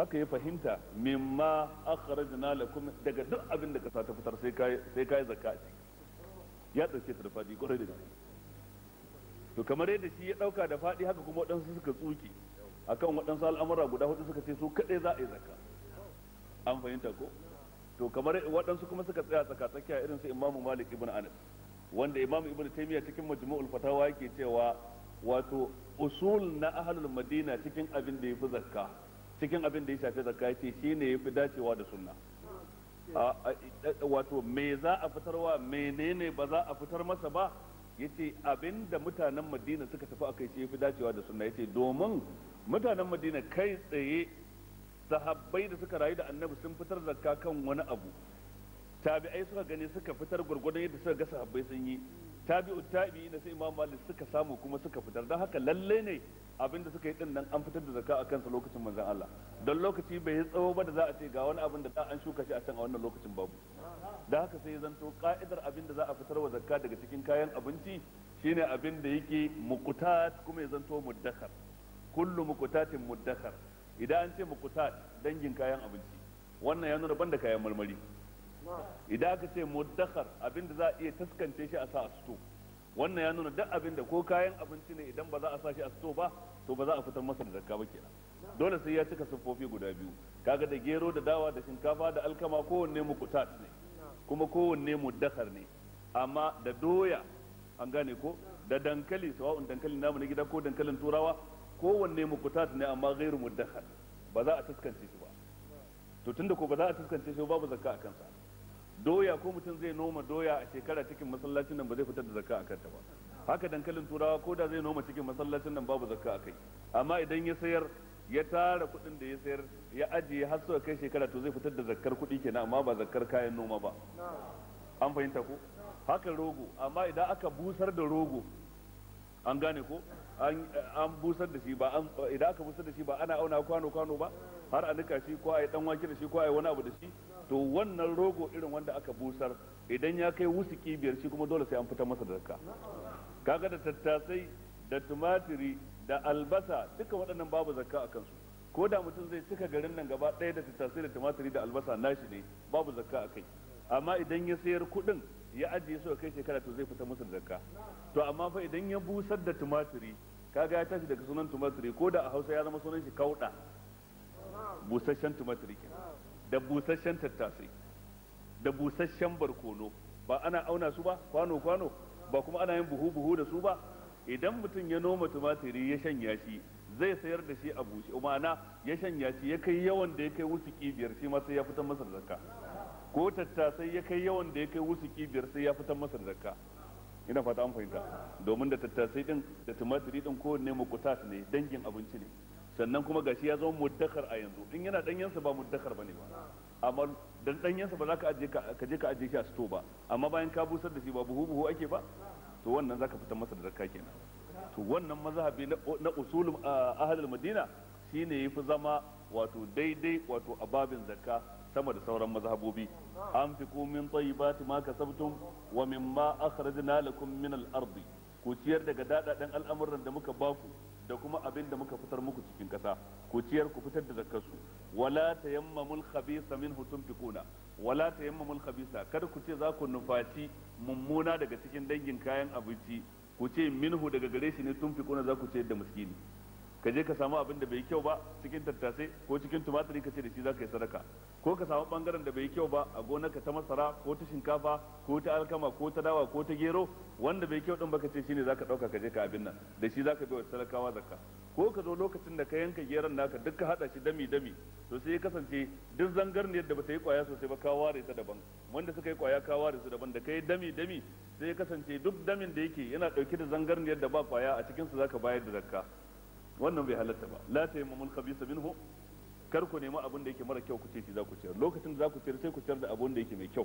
haka ya fahimta mimma akhrajna lakum daga duk abin da kasa ta fitar sai kai sai kai zakka ya dauke ta da fadi kwarai da gaske to kamar yadda shi ya dauka da fadi haka kuma waɗansu suka tsuki akan waɗansu al'amura guda hudu suka ce su kadai za a yi zakka an fahimta ko to kamar waɗansu kuma suka tsaya tsaka tsakiya irin su imamu malik ibn anas wanda imamu ibn taymiya cikin majmu'ul fatawa yake cewa wato usul na ahlul madina cikin abin da yafi zakka cikin abin da ya shafi zakka ya ce shi ne ya fi dacewa da sunna wato me za a fitarwa menene ba za a fitar masa ba ya ce abin da mutanen madina suka tafi a kai shi ya fi dacewa da sunna ya ce domin mutanen madina kai tsaye sahabbai da suka rayu da annabi sun fitar zakka kan wani abu tabi'ai suka gani suka fitar gurgurdan yadda suka ga sahabbai sun yi tabi'u tabi'i na sai imam malik suka samu kuma suka fitar don haka lalle ne abinda suka yi din nan an fitar da zakka a kansa lokacin manzon Allah don lokaci bai yi tsawo ba da za a ce ga wani abin da za an shuka shi a can a wannan lokacin babu da haka sai zanto ka'idar abin da za a fitar wa zakka daga cikin kayan abinci shine abin da yake muqtat kuma ya zanto muddakhar kullu muqtatin muddakhar idan an ce muqtat dangin kayan abinci wannan ya nuna banda kayan marmari idan aka ce muddakhar abin da za a iya taskance shi a sa a sito wannan ya nuna duk abin da ko kayan abinci ne idan ba za a sa shi a sito ba to ba za a fitar masa da zakka ba kenan dole sai ya cika siffofi guda biyu kaga da gero da dawa da shinkafa da alkama kowanne mukutat ne kuma kowanne muddakhar ne amma da doya an gane ko da dankali sawa'un dankali namu na gida ko dankalin turawa kowanne mukutat ne amma gairu muddakhar ba za a taskance shi ba to tunda ko ba za a taskance shi ba ba zakka a kansa doya ko mutum zai noma doya a shekara cikin masallacin nan ba zai fitar da zakka a kanta ba haka dankalin turawa ko da zai noma cikin masallacin nan babu zakka a kai amma idan ya sayar ya tara kuɗin da ya sayar ya ajiye har suka kai shekara to zai fitar da zakkar kuɗi kenan amma ba zakkar kayan noma ba an fahimta ko haka rogo amma idan aka busar da rogo an gane ko an busar da shi ba idan aka busar da shi ba ana auna kwano kwano ba har a nika shi ko a yi dan wake da shi ko a yi wani abu da shi to wannan rogo irin wanda aka busar idan ya kai wusuki biyar shi kuma dole sai an fitar masa da zakka kaga da tattasai da tumatiri da albasa duka waɗannan babu zakka a kansu ko da mutum zai cika garin nan gaba ɗaya da tattasai da tumatiri da albasa nashi ne babu zakka a kai amma idan ya sayar kuɗin ya ajiye su a kai shekara to zai fita masa da zakka to amma fa idan ya busar da tumatiri kaga ya tashi daga sunan tumatiri ko da a hausa ya zama sunan shi kauɗa busasshen tumatiri kenan da busasshen tattasai da busasshen barkono ba ana auna su ba kwano kwano ba kuma ana yin buhu buhu da su ba idan mutum ya noma tumatiri ya shanya shi zai sayar da shi a bushe ma'ana ya shanya shi ya kai yawan da ya kai wusu kibiyar shi ma sai ya fitar masa zakka ko tattasai ya kai yawan da ya kai wusu kibiyar sai ya fitar masa zakka ina fata an fahimta domin da tattasai din da tumatiri din kowanne mukutat ne dangin abinci ne sannan kuma gashi ya zama muddakar a yanzu in yana danyensa ba muddakar bane ba amma dan danyensa ba za ka aje ka je ka aje shi a sto ba amma bayan ka busar da shi ba buhu buhu ake ba to wannan zaka fitar masa da zakka kenan to wannan mazhabi na usulul ahlul madina shine yafi zama wato daidai wato a ababin zakka sama da sauran mazhabobi an fi min tayyibati ma kasabtum wa mimma akhrajna lakum min al ardh ku ciyar daga dadadan al'amuran da muka baku da kuma abin da muka fitar muku cikin kasa ku ciyar ku fitar da zakkarsu wala tayammamul khabisa minhu tunfiquna wala tayammamul khabisa kada ku ce za ku nufaci mummuna daga cikin dangin kayan abinci ku ce minhu daga gare shi ne tunfiquna za ku ciyar da miskini ka je ka samu abin da bai kyau ba cikin tattasai ko cikin tumatiri ka ce da shi za ka yi sadaka ko ka samu bangaren da bai kyau ba a gonarka ta masara ko ta shinkafa ko ta alkama ko ta dawa ko ta gero wanda bai kyau din baka ce shine zaka dauka ka je ka abin nan da shi zaka bai wa sadakawa zakka ko ka zo lokacin da ka yanka geron naka duk ka hada shi dami dami to sai ya kasance duk zangarniyar da bata yi kwaya sosai ba ka ware ta daban wanda suka yi kwaya ka ware su daban da kai dami dami sai ya kasance duk damin da yake yana ɗauke da zangarniyar da ba kwaya a cikin su zaka bayar da zakka wannan bai halatta ba la ta yamma mul khabisa minhu kar ku nemi abin da yake mara kyau ku ce shi za ku ciyar lokacin da za ku ciyar sai ku ciyar da abin da yake mai kyau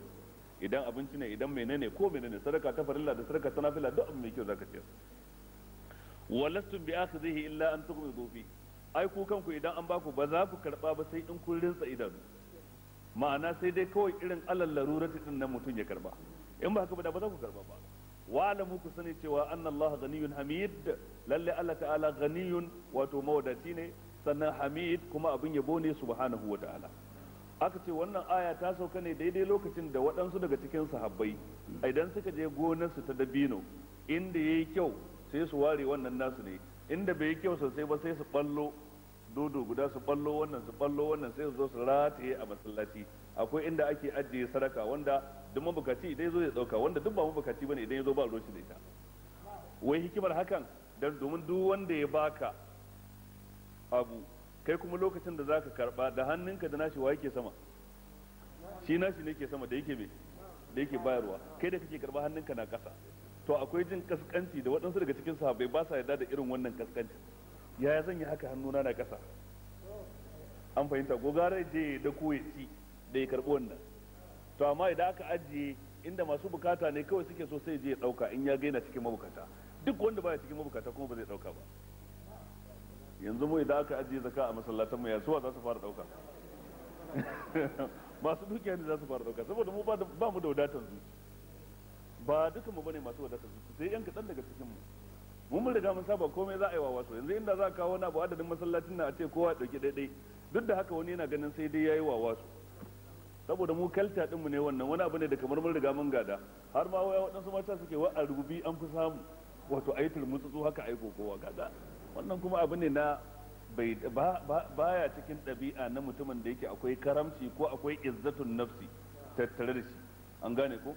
idan abinci ne idan menene ko menene sadaka ta farilla da sadaka ta nafila duk abin mai kyau za ka ciyar walastum bi akhdhihi illa an tughmidu fi ai ku kanku idan an baku ba za ku karba ba sai in kun rinsa idanu ma'ana sai dai kawai irin alal larurati din nan mutum ya karba in ba haka ba da ba za ku karba ba wa'lamu ku sani cewa anna ganiyun hamid lalle Allah ta'ala ganiyun wato mawadaci ne sannan hamid kuma abin yabo ne subhanahu wa ta'ala aka ce wannan aya ta sauka ne daidai lokacin da waɗansu daga cikin sahabbai idan suka je gonarsu ta dabino inda yayi kyau sai su ware wannan nasu ne inda bai yi kyau sosai ba sai su ballo dodo guda su ballo wannan su ballo wannan sai su zo su rataye a masallaci akwai inda ake ajiye sadaka wanda duk mabukaci idan zo ya dauka wanda duk ba mabukaci bane idan ya zo ba ruwan shi da ita wai hikimar hakan dan domin duk wanda ya baka abu kai kuma lokacin da zaka karba da hannunka da nashi wa yake sama shi nashi ne ke sama da yake me da yake bayarwa kai da kake karba hannunka na kasa to akwai jin kaskanci da waɗansu daga cikin sahabbai ba sa yarda da irin wannan ya yaya zan yi haka hannuna na kasa an fahimta gogara gara je da ko da ya karɓi wannan to amma idan aka ajiye inda masu bukata ne kawai suke so sai je ya dauka in ya gaina cikin mabukata duk wanda baya cikin mabukata kuma ba zai dauka ba yanzu mu idan aka ajiye zaka a masallatan mu yasuwa za su fara dauka masu dukiya ne za su fara dauka saboda mu ba mu da wadatar su ba duka mu bane masu wadatar su sai yan kaɗan daga cikin mu mun mun riga mun saba komai za a yi wa wasu yanzu inda za a kawo na ba adadin masallacin na a ce kowa ya dauki daidai duk da haka wani yana ganin sai dai yayi wa wasu saboda mu kalta din mu ne wannan wani abu ne da kamar mun riga mun gada har ma waya waɗansu mata suke wa a rubi an fi samu wato aitul mutsutsu haka aiko kowa kaga wannan kuma abu ne na bai baya cikin ɗabi'a na mutumin da yake akwai karamci ko akwai izzatun nafsi tattare da shi an gane ko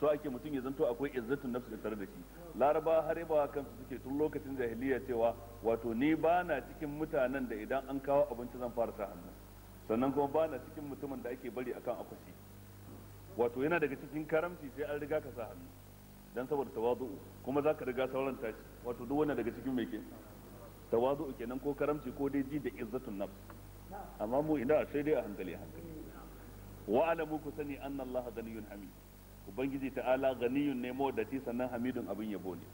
so ake mutum ya zanto akwai izzatun nafsi tattare da shi laraba har yaba kansu suke tun lokacin jahiliya cewa wato ni ba na cikin mutanen da idan an kawo abinci zan fara sa hannu sannan kuma ba na cikin mutumin da ake bari akan akwati wato yana daga cikin karamci sai an riga ka sa hannu dan saboda tawazu'u kuma za ka riga sauran tashi wato duk wanda daga cikin mai ke tawazu'u kenan ko karamci ko dai ji da izzatun nafs amma mu ina sai dai a hankali a hankali wa alamu ku sani anna allaha ganiyun hamid ubangiji ta'ala ganiyun ne ti sannan hamidun abin yabo ne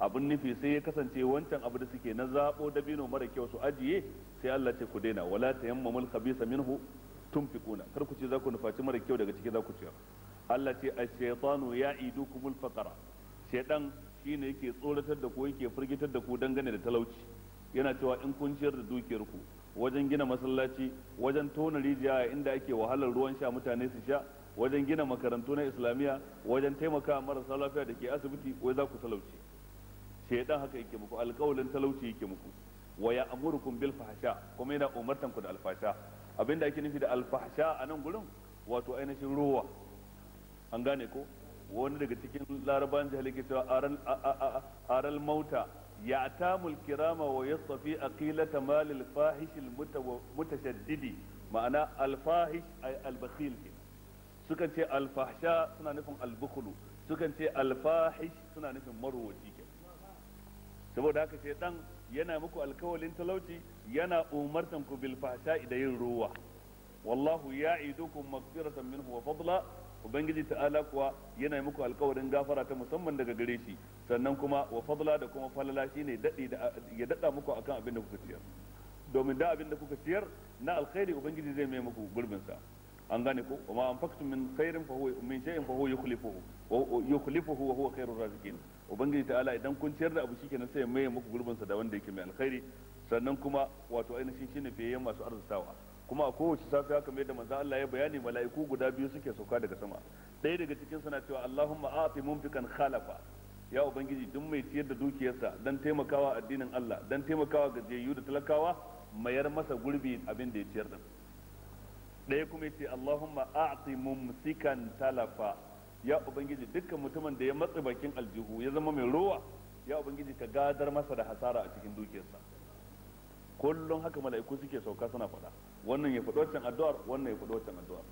abin nufi sai ya kasance wancan abu da suke na zabo dabino mara kyau su ajiye sai Allah ce ku daina wala tayammamul khabisa minhu tunfiquna kar ku ce za ku nufaci mara kyau daga ciki za ku ciyar Allah ce ash-shaytanu ya'idukumul faqra shaytan shine yake tsoratar da ku yake firgitar da ku dangane da talauci yana cewa in kun ciyar da dukiyar ku wajen gina masallaci wajen tona rijiya inda ake wahalar ruwan sha mutane su sha wajen gina makarantu na islamiyya wajen taimaka marasa lafiya da ke asibiti wai za ku talauci dan haka yake muku alƙawalin talauci yake muku wa amurukum bil fahsha kuma yana umartan ku da alfasha abinda ake nufi da alfasha a nan gurin wato ainihin ruwa an gane ko wani daga cikin laraban jihar ke cewa aral mauta ya tamul kirama wa yastafi aqilata malil fahishil mutashaddidi ma'ana alfahish ay albakhil sukan ce alfahsha suna nufin albukhlu sukan ce alfahish suna nufin marwaci saboda haka sai dan yana muku alkawalin talauci yana umartan ku bil fahsha'i da yin ruwa wallahu ya'idukum maghfiratan minhu wa fadla ubangiji ta'ala kuwa yana muku alkawarin gafara ta musamman daga gare shi sannan kuma wa fadla da kuma falala shine dadi da ya dada muku akan abin da kuka ciyar domin da abin da kuka ciyar na alkhairi ubangiji zai mai muku gurbin sa an gane ko ma anfaqtum min khairin fa huwa min shay'in fa huwa yukhlifuhu wa yukhlifuhu wa huwa khairur raziqin ubangiji ala idan kun ciyar da abu shikenan sai mai muku gurbin sa da wanda yake mai alkhairi sannan kuma wato ainihin shine fiye masu arzikawa kuma a kowace safiya kamar yadda manzo Allah ya bayani mala'iku guda biyu suke sauka daga sama ɗaya daga cikin suna cewa Allahumma a'ti mumfikan khalafa ya ubangiji duk mai ciyar da dukiyarsa dan taimakawa addinin Allah dan taimakawa gajiyayyu da talakawa mayar masa gurbi abin da ya ciyar da ɗaya kuma yace Allahumma a'ti mumsikan talafa ya ubangiji dukkan mutumin da ya matsa bakin aljihu ya zama mai rowa ya ubangiji ka gadar masa da hasara a cikin dukiyarsa kullum haka mala'iku suke sauka suna faɗa wannan ya faɗi wancan addu'ar wannan ya faɗi wancan addu'ar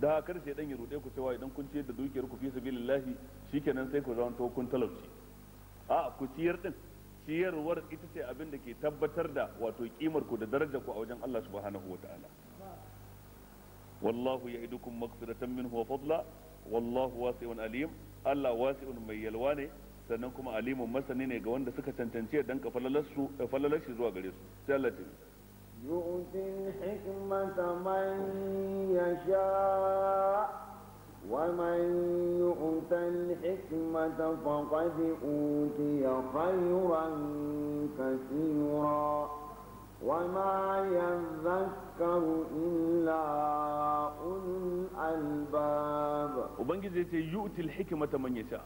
da haka sai dan ya rude ku cewa idan kun ciyar da dukiyar ku fi sabilillahi shikenan sai ku zanto kun talauci a ku ciyar din ciyarwar ita ce abin da ke tabbatar da wato kimar ku da darajar ku a wajen Allah subhanahu wataala wallahu ya'idukum maghfiratan minhu wa fadla wallahu wasi'un alim Allah wasi'un mai yalwa ne sannan kuma alimun masani ne ga wanda suka tantance dan ka falalar shi zuwa gare su sai Allah ta hikmata man yasha wa man يؤت hikmata faqad utiya khayran كثيرا وما يذكر إلا أولو الألباب وبنجد يؤتي الحكمة من يشاء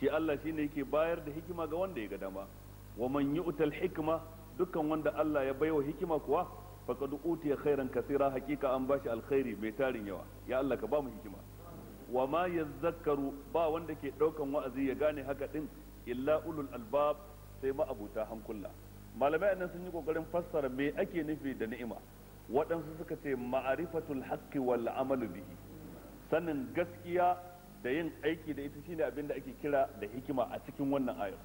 shi Allah shi ne yake bayar da hikima ga wanda ya ga dama wa man yu'tal hikma dukkan wanda Allah ya bai wa hikima kuwa faqad utiya khairan kathira hakika an bashi alkhairi mai tarin yawa ya Allah bamu hikima wa ma yazakkaru ba wanda ke daukan wa'azi ya gane haka din illa ulul albab sai ma abuta hankula malamai annan sun yi kokarin fassara me ake nufi da ni'ima waɗansu suka ce ma'arifatul haqqi wal amalu bihi sanin gaskiya da yin aiki da ita shine abin da ake kira da hikima a cikin wannan ayar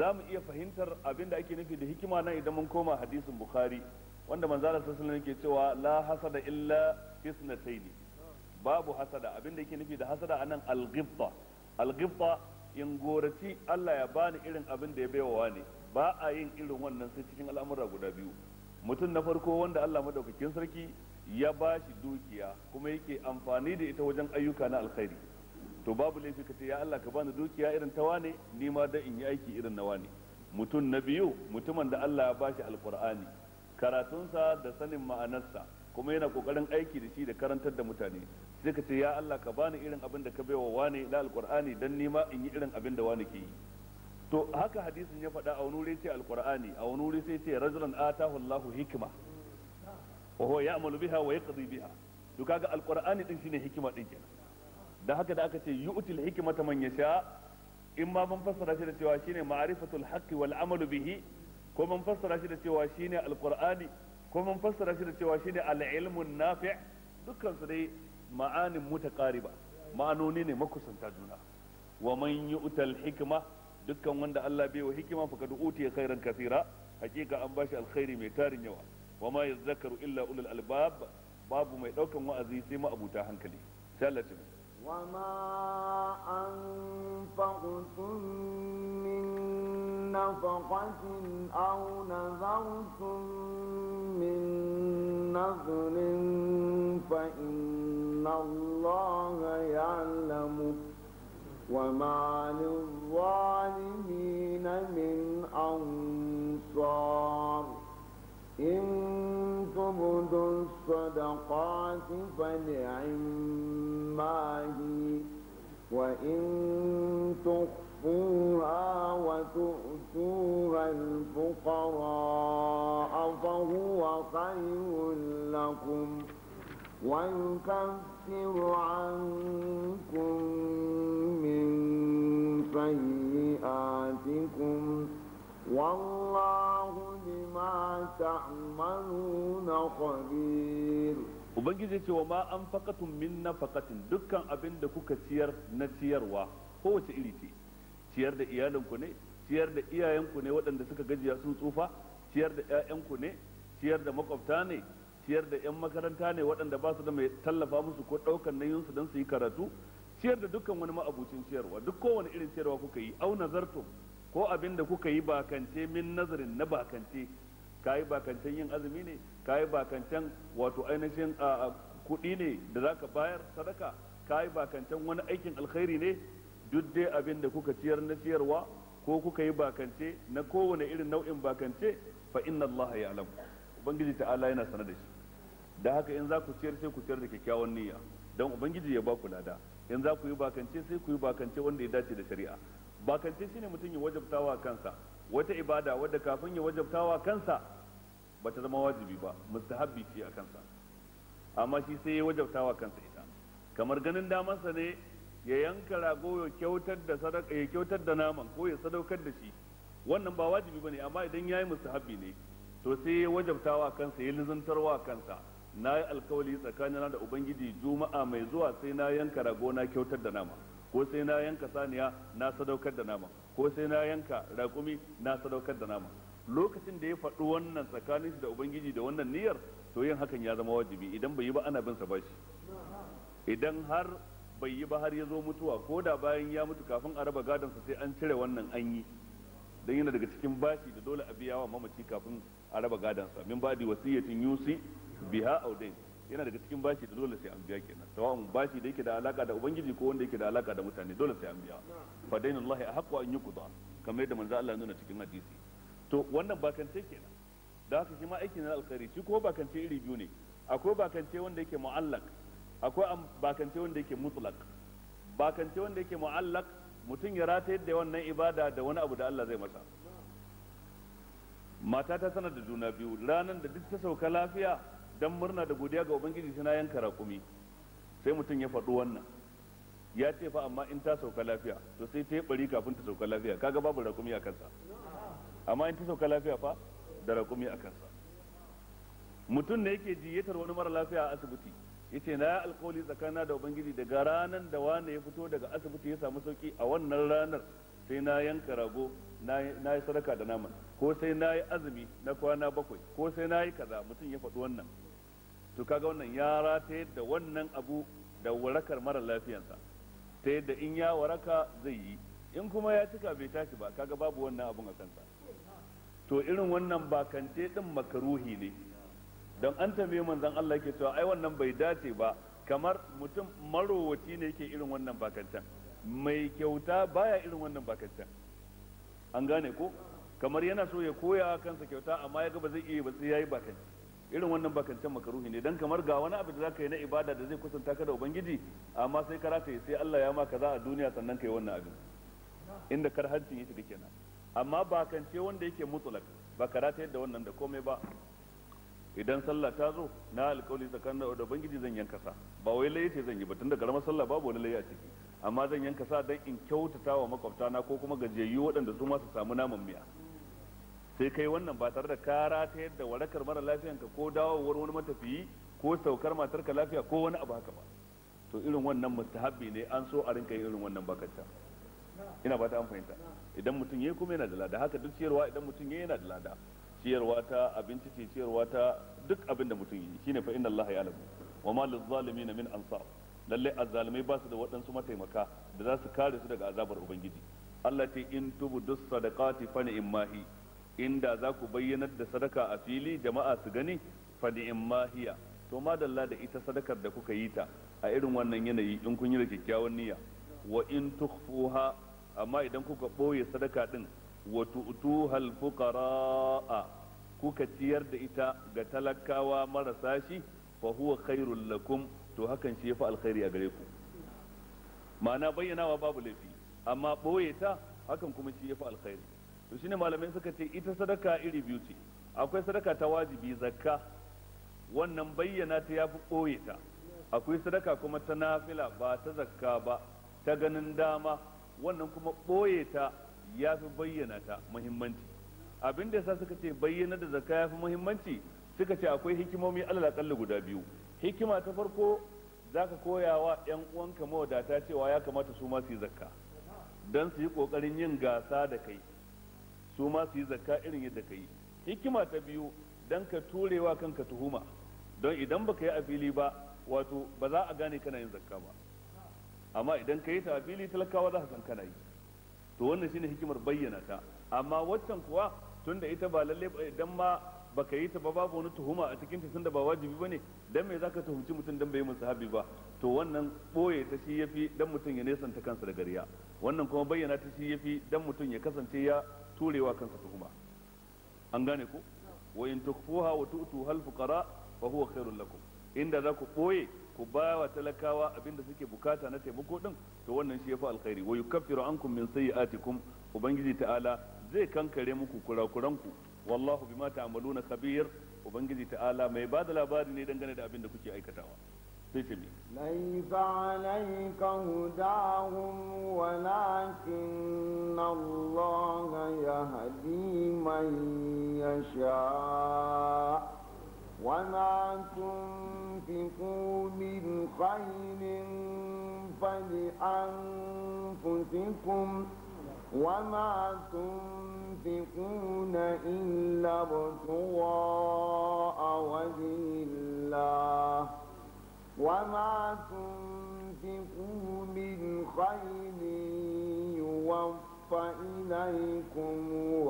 za mu iya fahimtar abin da ake nufi da hikima na idan mun koma hadisin bukhari wanda manzala sallallahu alaihi yake cewa la hasada illa fisnataini babu hasada abin da yake nufi da hasada anan al-ghibta al-ghibta in goraci Allah ya bani irin abin da ya baiwa ne ba a yin irin wannan sai cikin al'amura guda biyu mutum na farko wanda Allah madaukakin sarki ya ba shi dukiya kuma yake amfani da ita wajen ayyuka na alkhairi to babu laifi ka ce ya Allah ka bani dukiya irin ta wane ni ma da in yi aiki irin na wane mutum na biyu mutumin da Allah ya ba shi alkur'ani karatunsa da sanin ma'anarsa kuma yana kokarin aiki da shi da karantar da mutane sai ka ce ya Allah ka bani irin abin da ka baiwa wane na alkur'ani dan ma in yi irin abin da wane ke yi to haka hadisin ya faɗa a wani wuri ce alqur'ani a wani wuri sai ce rajulan atahu Allahu hikma wa huwa ya'malu biha wa yaqdi biha to kaga alqur'ani din shine hikima din kenan da haka da aka ce yu'til hikmata man yasha in ma mun fassara shi da cewa shine ma'rifatul haqqi wal amalu bihi ko mun fassara shi da cewa shine alqur'ani ko mun fassara shi da cewa shine al-ilmun nafi' dukkan su dai ma'anin mutaqariba ma'anoni ne makusanta juna wa man yu'tal hikma dukkan wanda Allah bai wa hikima fa kad utiya khairan kathira hakika an bashi alkhairi mai tarin yawa wa ma yadhakkaru illa ulul albab babu mai daukan wa'azi sai ma abuta hankali sai Allah ta وما أنفقتم من نفقة أو نذرتم من نذر فإن الله يعلم وما للظالمين الصدقات فنعما هي وإن تخفوها وتؤتوها الفقراء فهو خير لكم ويكفر عنكم من سيئاتكم والله ubangiji ce wa ma an fakatun min nafakatin dukkan abin da kuka ciyar na ciyarwa kowace iri ce ciyar da iyalinku ne ciyar da iyayenku ne waɗanda suka gajiya sun tsufa ciyar da 'ya'yanku ne ciyar da makwabta ne ciyar da 'yan makaranta ne waɗanda ba su da mai tallafa musu ko ɗaukan nayin don su yi karatu ciyar da dukkan wani ma'abucin ciyarwa duk kowane irin ciyarwa kuka yi au nazartum ko abin da kuka yi bakance min nazarin na bakance kayi bakancen yin azumi ne kayi bakantan wato ainihin kuɗi ne da zaka bayar sadaka kayi bakancen wani aikin alkhairi ne duk dai abin da kuka ciyar na ciyarwa ko kuka yi bakance na kowane irin nau'in bakance fa inna Allah ya alam ubangiji ta'ala yana sanar da shi da haka in za ku ciyar sai ku ciyar da kyakkyawan niyya don ubangiji ya ba ku lada in za ku yi bakance sai ku yi bakance wanda ya dace da shari'a bakance shine mutum ya wajabtawa kansa wata ibada wadda kafin ya wajabtawa kansa ba ta zama wajibi ba mustahabbi ce a kansa amma shi sai ya wajabtawa kansa ita kamar ganin damansa ne ya yanka rago ya kyautar da sadaka ya kyautar da naman ko ya sadaukar da shi wannan ba wajibi bane amma idan yayi mustahabbi ne to sai ya wajabtawa kansa ya lizantarwa kansa na yi alkawali tsakanina da ubangiji juma'a mai zuwa sai na yanka rago na kyautar da nama ko sai na yanka saniya na sadaukar da nama ko sai na yanka raƙumi na sadaukar da nama lokacin da ya faɗi wannan tsakanin shi da ubangiji da wannan niyyar to yin hakan ya zama wajibi idan bai yi ba ana bin sa bashi idan har bai yi ba har ya zo mutuwa ko da bayan ya mutu kafin a raba gadon sa sai an cire wannan an yi dan yana daga cikin bashi da dole a biya wa mamaci kafin a raba gadon sa min badi wasiyatin yusi biha audain yana daga cikin bashi da dole sai an biya kenan sawa'un bashi da yake da alaka da ubangiji ko wanda yake da alaka da mutane dole sai an biya fa dainullahi ahqqa an yuqda kamar yadda manzo Allah nuna cikin hadisi to wannan bakance kenan da haka shi ma aiki na alkhairi shi ko bakance iri biyu ne akwai bakance wanda yake mu'allaq akwai bakance wanda yake mutlaq bakance wanda yake mu'allaq mutum ya rata yadda wannan ibada da wani abu da Allah zai masa mata ta sanar da juna biyu ranar da duk ta sauka lafiya dan murna da godiya ga ubangiji sai na yanka raƙumi sai mutum ya faɗo wannan ya ce fa amma in ta sauka lafiya to sai ta yi bari kafin ta sauka lafiya kaga babu rakumi a kansa amma in ta sauka lafiya fa da rakumi a kansa mutum ne yake jiyatar wani mara lafiya a asibiti yace na ya alkawali tsakana da ubangiji daga ranar da wane ya fito daga asibiti ya samu sauki a wannan ranar sai na yanka rago na yi sadaka da naman ko sai na yi azumi na kwana bakwai ko sai na yi kaza mutum ya faɗi wannan to kaga wannan ya rataye da wannan abu da warakar mara lafiyansa ta yadda in ya waraka zai yi in kuma ya cika bai tashi ba kaga babu wannan abun a kansa to irin wannan bakante din makaruhi ne don an tambaye manzon Allah yake cewa ai wannan bai dace ba kamar mutum marowaci ne yake irin wannan bakantan mai kyauta baya irin wannan bakantan an gane ko kamar yana so ya koya kansa kyauta amma ya ga ba zai iya ba sai yayi bakan irin wannan can makaruhi ne dan kamar ga wani abu da zaka yi na ibada da zai kusanta ka da ubangiji amma sai ka rataye sai Allah ya maka za a duniya sannan kai wannan abin inda kar hancin yake dake nan amma bakance wanda yake mutlak ba ka rataye da wannan da komai ba idan sallah ta zo na alƙawari tsakanin da ubangiji zan yanka sa ba wai laye ce zan yi ba tun da karamar sallah babu wani laye a ciki amma zan yanka sa dan in kyautata wa na ko kuma gajiyayyu waɗanda su ma su samu naman miya sai kai wannan ba tare da kara ta yadda warakar mara ka ko dawowar wani matafiyi ko saukar matarka lafiya ko wani abu haka ba to irin wannan mustahabbi ne an so a rinka irin wannan bakanta ina ba ta an fahimta idan mutum yayi kuma yana da lada haka duk ciyarwa idan mutum yayi yana da lada ciyarwa ta abinci ce ciyarwa ta duk abin da mutum yi shine fa inna allaha ya alamu wa ma lil zalimin min ansar lalle azzalumai ba su da waɗansu mataimaka da za su kare su daga azabar ubangiji Allah ta in tubu duk sadaqati fa ni'mahi inda za ku bayyanar da sadaka a fili jama'a su gani fa ni'mahiya to madalla da ita sadakar da kuka yi ta a irin wannan yanayi in kun yi da kyakkyawan niyya wa in tukhfuha amma idan kuka boye sadaka din wa tu'tuhal fuqaraa kuka ciyar da ita ga talakawa marasa shi fa huwa khairul lakum to hakan shi ya fi alkhairi a gare ku ma'ana bayyanawa babu laifi amma ɓoye ta hakan kuma shi ya fi alkhairi to shine malamai suka ce ita sadaka iri biyu ce akwai sadaka ta wajibi zakka wannan bayyana ta fi ɓoye ta akwai sadaka kuma ta nafila ba ta zakka ba ta ganin dama wannan kuma ɓoye ta ya fi bayyana ta muhimmanci abin da yasa suka ce bayyana da zakka ya fi muhimmanci suka ce akwai hikimomi alal guda biyu hikima ta farko za ka koya wa 'yan uwanka mawadata cewa ya kamata su ma su yi zakka don su yi ƙoƙarin yin gasa da kai su ma su yi zakka irin yadda ka yi hikima ta biyu don ka turewa kanka tuhuma don idan ba ka yi a fili ba wato ba za a gane kana yin zakka ba amma idan ka yi ta a fili talakawa za ka san kana yi to wannan shine hikimar bayyana ta amma waccan kuwa tunda ita ba lalle idan ma baka yi ta ba babu wani tuhuma a cikin tunda ba wajibi bane dan me zaka tuhumci mutum dan bai yi habi ba to wannan boye ta shi yafi dan mutum ya nesanta kansa da gariya wannan kuma bayyana ta shi yafi dan mutum ya kasance ya turewa kansa tuhuma an gane ku wa in tukfuha wa tu'tu hal fuqara fa huwa khairul lakum inda za ku boye ku ba wa talakawa abinda suke bukata na taimako din to wannan shi yafi alkhairi wa yukaffiru ankum min sayyi'atikum ubangiji ta'ala zai kankare muku kurakuranku والله بما تعملون خبير وبنجزي تعالى ما يباد الأباد إني دنقنا دا أبين دكوشي أي كتاوة ليس عليك هداهم ولكن الله يهدي من يشاء وما تنفقوا من خير فلأنفسكم وما تنفقون إلا ابتغاء وجه الله وما تنفقوا من خير يوفى إليكم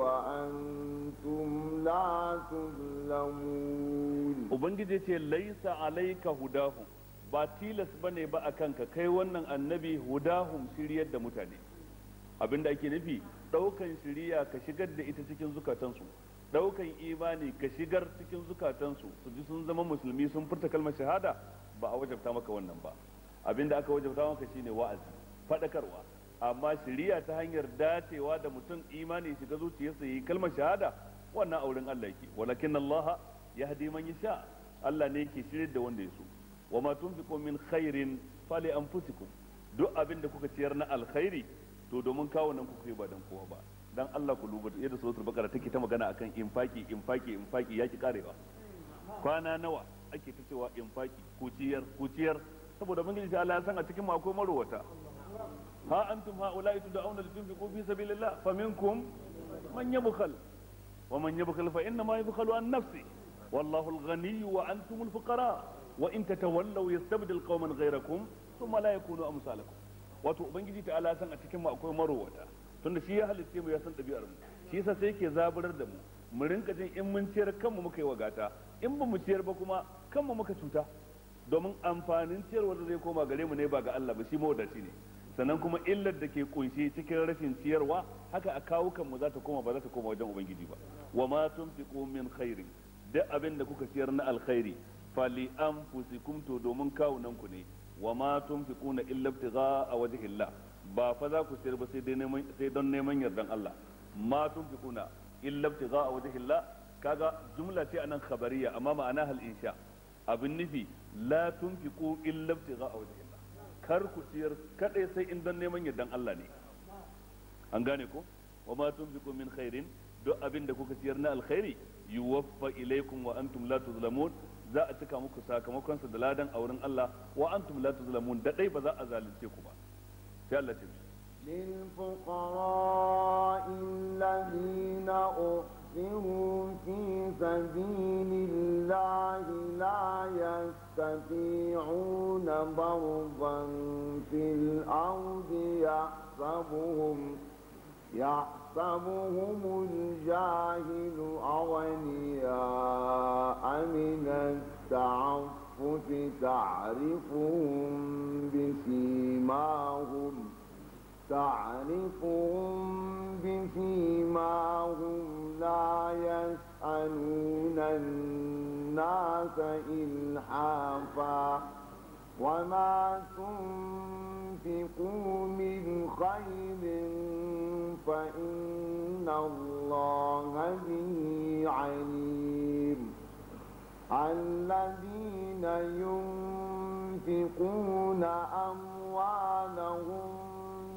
وأنتم لا تظلمون وبنجد ليس عليك هداهم باتيلس بني bane كي ونن النبي هداهم سيريد annabi abinda ake nufi daukan shiriya ka shigar da ita cikin zukatansu daukan imani ka shigar cikin zukatansu su ji sun zama musulmi sun furta kalmar shahada ba a wajabta maka wannan ba abinda aka wajabta maka shine wa'azi fadakarwa amma shiriya ta hanyar dacewa da mutum imani shiga zuciyarsa yi kalmar shahada wannan auren Allah yake walakin Allah yahdi man yasha Allah ne yake shirin da wanda ya so wa ma tunfiqu min khairin fali anfusikum duk abin da kuka ciyar na alkhairi to domin kawo nan ku kai ba dan kowa ba dan Allah ku duba yadda suratul bakara take ta magana akan infaki infaki infaki yaki karewa kwana nawa ake ta cewa infaki kuciyar kuciyar saboda mun ji Allah ya san a cikin mako marowata ha antum haula'i tud'auna tunfiqu fi sabilillah faminkum man yabkhal wa man yabkhal fa inna ma yabkhalu an nafsi wallahu al-ghani wa antum al-fuqara wa in tatawallaw yastabdil qauman ghayrakum thumma la yakunu amsalakum wato ubangiji ta ala san a cikin mu akwai marowata tunda shi ya halitte mu ya san dabi'ar mu shi yasa sai yake zaburar da mu mu rinka jin in mun ciyar kanmu muka yi wagata in ba mu ciyar ba kuma kanmu muka cuta domin amfanin ciyarwa da zai koma gare mu ne ba ga Allah ba shi mawadaci ne sannan kuma illar da ke kunshe cikin rashin ciyarwa haka a kawukan mu za ta koma ba za ta koma wajen ubangiji ba wa ma tunfiqu min khairin duk abin da kuka ciyar na alkhairi fali anfusikum to domin kawunan ku ne wa ma tunfiquna illa ibtigha'a wajhi Allah ba fa za ku sayar ba sai dai neman sai don neman yardan Allah ma tunfiquna illa ibtigha'a wajhi Allah kaga jumla ce anan khabariya amma ma'ana hal insha abin nufi la tunfiqu illa ibtigha'a wajhi Allah kar ku sayar kadai sai in don neman yardan Allah ne an gane ko wa ma tunfiqu min khairin duk abin da kuka siyar na alkhairi yuwaffa ilaikum wa antum la tuzlamun za a cika muku sakamakon sa da ladan a wurin Allah wa antum la tuzlamun da dai ba za a zalunce ku ba sai Allah ce للفقراء الذين أحصروا في سبيل الله لا يستطيعون ضربا في الأرض يحسبهم يحسبهم الجاهل أغنياء من التعفف تعرفهم بسيماهم تعرفهم بسيماهم لا يسألون الناس إلحافا وما تنفقوا من خير فإن الله به عليم الذين ينفقون أموالهم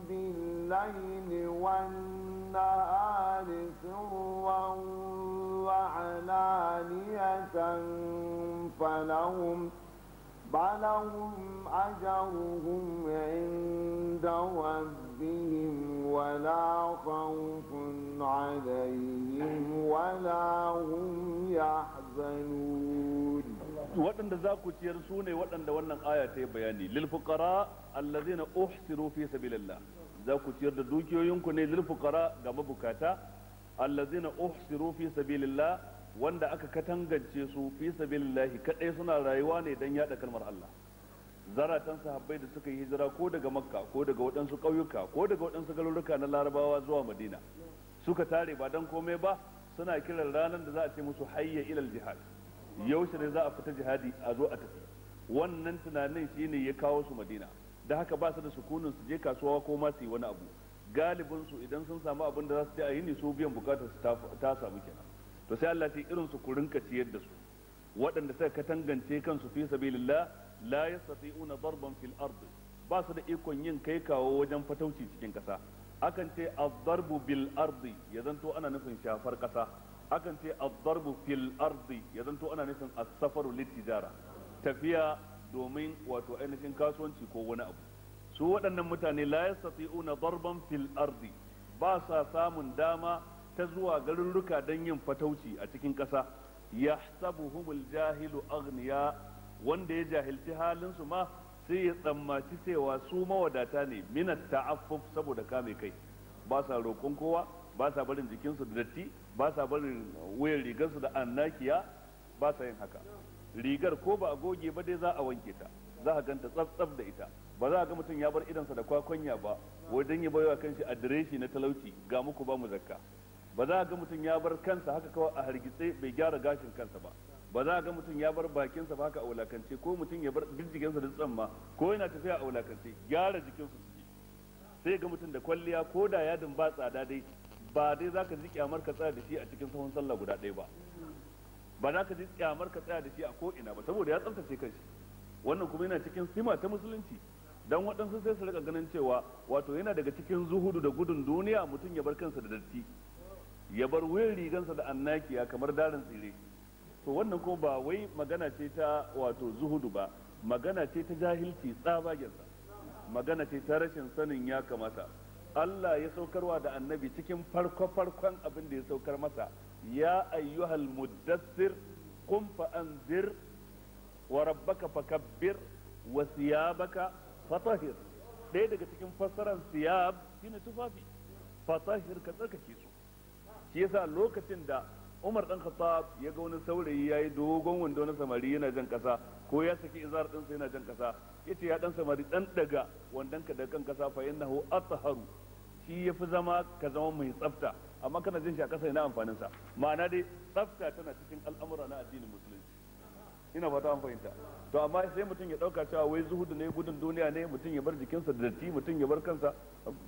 بالليل والنهار سرا وعلانية فلهم فلهم أجرهم عند ربهم ولا خوف عليهم ولا هم يحزنون waɗanda za ku ciyar su ne waɗanda wannan aya ta yi bayani lilfuqara allazina uhsiru fi sabilillah za ku ciyar da dukiyoyinku ne lilfuqara ga mabukata allazina uhsiru fi sabilillah wanda aka katangance su fi sabilillah kadai suna rayuwa ne dan yada kalmar Allah zaratan sahabbai da suka yi hijira ko daga makka ko daga waɗansu ƙauyuka ko daga waɗansu garuruka na larabawa zuwa madina suka tare ba don komai ba suna kiran ranar da za a ce musu hayya ilal jihad yaushe ne za a fita jihadi a zo a tafi wannan tunanin shine ya kawo su madina da haka ba su da sukunin su je kasuwa ko ma su yi wani abu galibin su idan sun samu abin da za su je a yi ne su biyan bukatar su ta samu kenan to sai Allah ce irin su ku rinka ciyar da su waɗanda suka katangance kansu fi sabilillah la yastati'una darban fil ard ba su da ikon yin kai kawo wajen fatauci cikin kasa akan ce ad-darbu bil ard ya zanto ana nufin shafar kasa akan ce ad-darbu fil ard ya zanto ana nufin as litijara tafiya domin wato ainihin kasuwanci ko wani abu su waɗannan mutane la yastati'una darban fil ard ba sa samun dama ta zuwa garurruka don yin fatauci a cikin ƙasa yahsabuhumul jahilu agniya. wanda ya jahilci halin su ma sai ya tsammaci cewa su mawadata ne minat ta'affuf saboda kame kai ba sa roƙon kowa ba sa barin jikinsu da datti ba sa barin wuyan rigarsu da annakiya ba sa yin haka rigar ko ba a goge ba dai za a wanke ta za a ganta tsaf da ita ba za a ga mutum ya bar idansa da kwakwanya ba wajen ya baiwa kanshi adireshi na talauci ga muku ba mu zakka ba za a ga mutum ya bar kansa haka kawai a hargitse bai gyara gashin kansa ba ba za a ga mutum ya bar bakinsa ba ka a wulakance ko mutum ya bar girgigensa da tsamma ko yana tafiya a wulakance gyara jikinsu suke sai ga mutum da kwalliya ko da yadin ba tsada dai ba dai za ka ji kyamar ka tsaya da shi a cikin sahun sallah guda ɗaya ba ba za ka ji kyamar ka tsaya da shi a ko ina ba saboda ya tsaftace kanshi wannan kuma yana cikin sima ta musulunci dan waɗansu sai su rika ganin cewa wato yana daga cikin zuhudu da gudun duniya mutum ya bar kansa da datti ya bar wuyan rigansa da annakiya kamar darin tsire to wannan kuma ba wai magana ce ta wato zuhudu ba magana ce ta jahilci tsabagensa magana ce ta rashin sanin ya kamata Allah ya saukarwa da annabi cikin farko-farkon abin da ya saukar masa ya ayyuhal muddassir qum fa anzir wa rabbaka fakabbir wa siyabaka fatahir ɗaya daga cikin fassarar siyab shine tufafi fatahir ka tsarkake su shi yasa lokacin da Umar dan Khattab ya ga wani saurayi ya yi dogon wando na samari yana jan kasa ko ya saki izar din sa yana jan kasa yace ya dan samari dan daga wandan ka daga kan kasa fa innahu atharu shi yafi zama ka zama mai tsafta amma kana jin shi a kasa yana amfanin sa ma'ana dai tsafta tana cikin al'amura na addinin musulunci ina fata an fahimta to amma sai mutum ya dauka cewa wai zuhudu ne gudun duniya ne mutum ya bar jikinsa da datti mutum ya bar kansa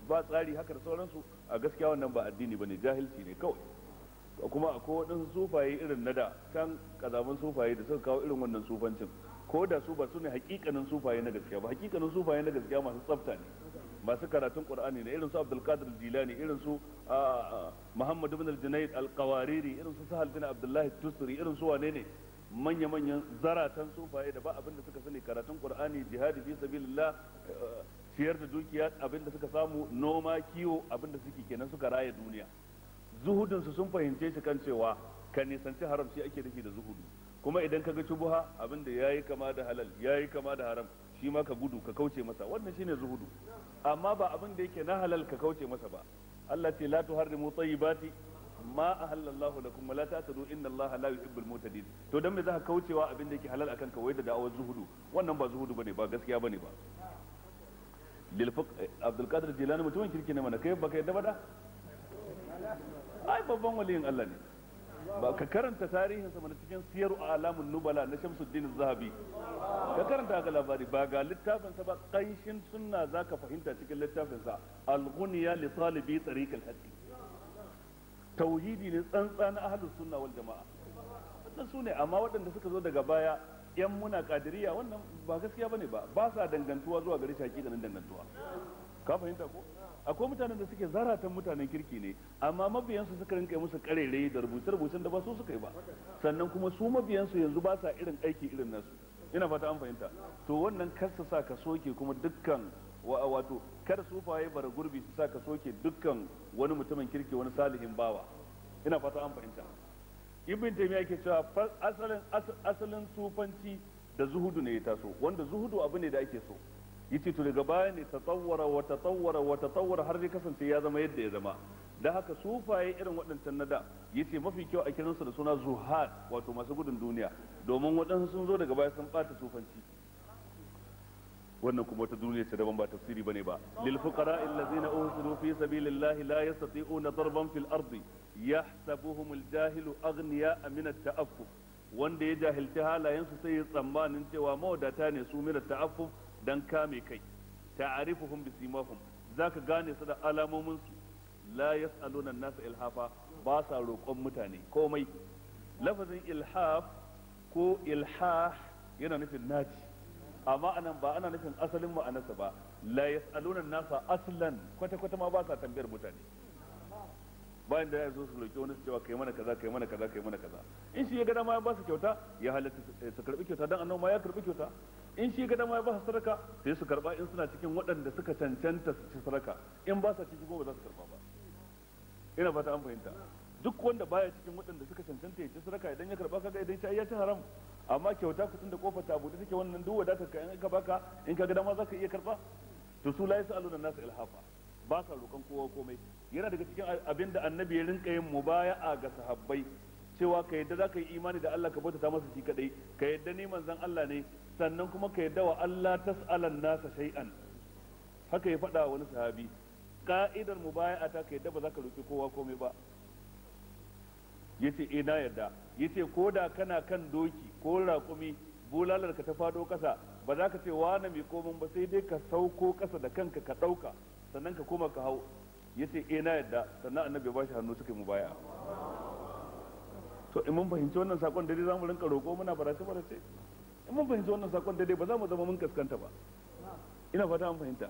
ba tsari haka da sauransu a gaskiya wannan ba addini bane jahilci ne kawai kuma akwai waɗansu sufaye irin na da can kazaman sufaye da suka kawo irin wannan sufancin ko da su ba su ne hakikanin sufaye na gaskiya ba hakikanin sufaye na gaskiya masu tsafta ne masu karatun qur'ani ne irin su Abdulkadir jilani irin su muhammad ibn al-junayd al-qawariri irin su sahal bin abdullah tusri irin su wane ne manya-manyan zaratan sufaye da ba abin da suka sani karatun qur'ani jihadi fi sabilillah siyar eh, da dukiya abin da suka samu noma kiwo abin da suke kenan suka raya duniya zuhudinsu sun fahimce shi kan cewa ka nisanci haram shi ake nufi da zuhudu kuma idan ka ga cubuha abin da yayi kama da halal yayi kama da haram shi ma ka gudu ka kauce masa wannan shine zuhudu amma ba abin da yake na halal ka kauce masa ba Allah ce la tuharrimu tayyibati ma ahallallahu lakum wa la ta'tadu inna Allah la yuhibbul din to dan me ka kaucewa abin da yake halal akan ka waye da da'awar zuhudu wannan ba zuhudu bane ba gaskiya bane ba lil eh, abdul qadir jilani mutumin kirki ne mana kai baka yadda ba da ai babban waliyin Allah ne ba ka karanta tarihin sama cikin siyaru a alamun nubala na shamsuddin zahabi ka karanta ga labari ba ga littafin sa ba kanshin sunna zaka fahimta cikin littafin sa al ghunya li talibi tariq al tauhidi ne tsantsa sunna wal jamaa wannan su ne amma waɗanda suka zo daga baya yan muna kadiriya wannan ba gaskiya bane ba ba sa dangantuwa zuwa gari shaki da nan dangantuwa ka fahimta ko akwai mutanen da suke zaratan mutanen kirki ne amma mabiyansu suka rinka musu karerai da rubuce rubucen da ba su suka yi ba sannan kuma su mabiyansu yanzu ba sa irin aiki irin nasu ina fata an fahimta to wannan kar su sa ka soke kuma dukkan wato kar faye bara gurbi su sa ka soke dukkan wani mutumin kirki wani salihin bawa ina fata an fahimta ibn taymiya yake cewa asalin asalin sufanci da zuhudu ne ya taso wanda zuhudu abu ne da ake so yace to daga baya ne tatawwara wa tatawwara wa tatawwara har zai kasance ya zama yadda ya zama da haka sufaye irin waɗancan na da yace mafi kyau a kiransu da suna zuhad wato masu gudun duniya domin waɗansu sun zo daga baya sun ɓata sufanci wannan kuma wata duniya ce daban ba tafsiri bane ba lil fuqara allazina uhsinu fi sabilillahi la yastati'una darban fil ardi yahsabuhum al jahilu aghniya min at ta'affuf wanda ya jahilci halayensu sai ya tsammanin cewa mawadata ne su min ta'affuf dan kame kai ta'arifuhum bi simahum zaka gane su da alamomin su la yas'aluna an-nasa ilhafa ba sa roƙon mutane komai lafazin ilhaf ko ilhah yana nufin naci amma anan ba ana nufin asalin ma'anarsa ba la yas'aluna an-nasa aslan kwata kwata ma ba sa tambayar mutane bayan da ya zo su roƙi wani su cewa kai mana kaza kai mana kaza kai mana kaza in shi ya ga dama ya ba su kyauta ya halatta su karbi kyauta dan annabawa ya karbi kyauta in shi gada ma ba su sadaka sai su karba in suna cikin waɗanda suka cancanta su ci sadaka in ba sa ciki ko ba za su karba ba ina fata an fahimta duk wanda baya cikin waɗanda suka cancanta ya ci sadaka idan ya karba kaga idan ya ci haram amma kyauta ku da kofar ta bude take wannan duk wadata ka in ka baka in ka ga dama ma zaka iya karba to su la nan nasu ilhafa ba sa roƙon kowa komai yana daga cikin abin da annabi ya rinka yin mubaya'a ga sahabbai cewa ka yadda za ka yi imani da Allah ka bautata masa shi kadai ka yadda ni manzon Allah ne sannan kuma ka yadda wa Allah tas'alan nasa shay'an haka ya faɗa wani sahabi ka'idar ta ka yadda ba za ka roki kowa komai ba yace ina eh, na yace ko da kana kan doki ko raƙumi bulalar ka ta fado kasa ba za ka ce wani mai komai ba sai dai ka sauko kasa da kanka ka ɗauka sannan ka koma ka hau yace ina eh, na yarda sannan annabi ya bashi hannu suka yi mubaya'a to in mun fahimci wannan sakon da za mu rinka roƙo muna barace barace in mun fahimci wannan sakon da ba za mu zama mun kaskanta ba ina fata an fahimta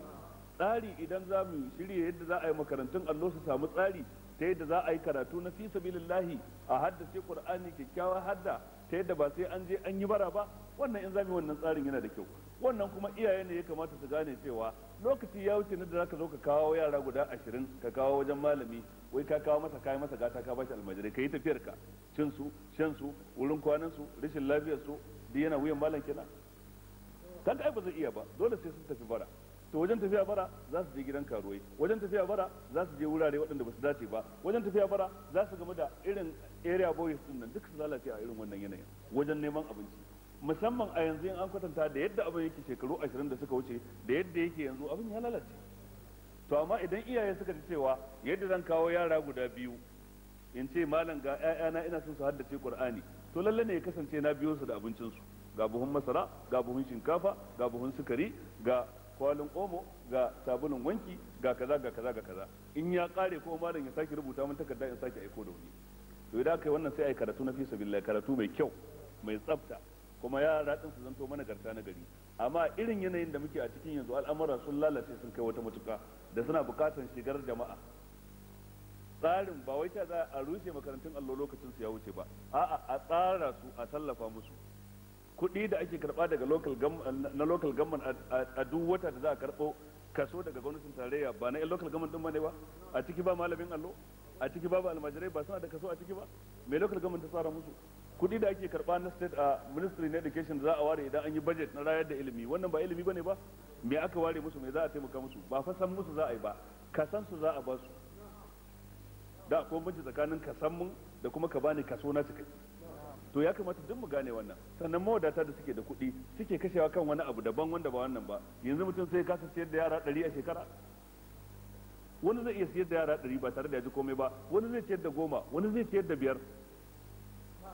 tsari idan za mu shirya yadda za a yi makarantun allo su samu tsari ta yadda za a yi karatu na fi sabilillahi a haddace qur'ani kyakkyawa hadda ta yadda ba sai an je an yi bara ba wannan in za mu wannan tsarin yana da kyau wannan kuma iyaye ne ya kamata su gane cewa lokaci ya wuce na da zaka zo ka kawo yara guda ashirin ka kawo wajen malami wai ka kawo masa kayan masa gata ka bashi almajirai ka yi tafiyar ka cin su shan su wurin kwanan su rashin lafiyar su duk yana wuyan malam kenan ka kai ba zai iya ba dole sai sun tafi bara to wajen tafiya bara za su je gidan karuwai wajen tafiya bara za su je wurare waɗanda ba su dace ba wajen tafiya bara za su game da irin area boys din nan duk su lalace a irin wannan yanayin wajen neman abinci musamman a yanzu in an kwatanta da yadda abin yake shekaru 20 da suka wuce da yadda yake yanzu abin ya lalace to amma idan iyaye suka ji cewa yadda zan kawo yara guda biyu in ce malam ga ƴaƴana ina son su haddace Qur'ani to lalle ne ya kasance na biyo su da abincin su ga buhun masara ga buhun shinkafa ga buhun sukari ga kwalin omo ga sabulun wanki ga kaza ga kaza ga kaza in ya kare ko malam ya sake rubuta min takarda in sake aiko da wani to idan yi wannan sai a yi karatu na fi sabilillah karatu mai kyau mai tsafta kuma yara din su zanto mana garta na gari amma irin yanayin da muke a cikin yanzu al'amura sun lalace sun kai wata matuka da suna bukatan shigar jama'a tsarin ba wai ta za a rushe makarantun allo lokacin su ya wuce ba a'a a tsara su a tallafa musu kuɗi da ake karɓa daga local na local government a duk wata da za a karɓo kaso daga gwamnatin tarayya ba na yan local government din bane ba a ciki ba malamin allo a ciki ba almajirai ba suna da kaso a ciki ba me local government ta tsara musu kuɗi da ake karɓa na state a ministry na education da za a ware idan an yi budget na rayar da ilimi wannan ba ilimi bane ba me aka ware musu me za a taimaka musu ba fa san musu za a yi ba ka san su za a ba su da ko banci tsakanin ka san mun da kuma ka bani kaso na cikakke to ya kamata duk mu gane wannan sannan mawadata da suke da kuɗi suke kashewa kan wani abu daban wanda ba wannan ba yanzu mutum sai kasa siyar da yara ɗari a shekara wani zai iya siyar da yara ɗari ba tare da ya ji komai ba wani zai siyar da goma wani zai siyar da biyar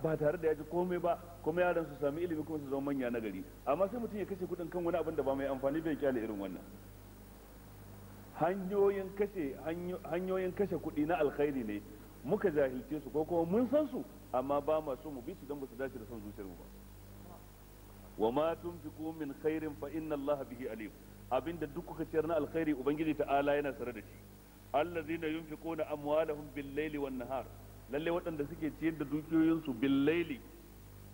ba tare da ya ji komai ba kuma yaran su sami ilimi kuma su zama manya na gari amma sai mutum ya kashe kudin kan wani abin da ba mai amfani bai kyale irin wannan hanyoyin kashe hanyoyin kashe kudi na alkhairi ne muka jahilce su ko kuma mun san su amma ba ma so mu bi su don ba su dace da son zuciyar mu ba wa ma tunfiqu min khairin fa inna Allah bihi alim abinda duk kuka ciyar na alkhairi ubangiji ta'ala yana sare da shi allazina yunfiquna amwalahum bil-laili wan-nahar lalle waɗanda suke ciyar da dukiyoyinsu billaili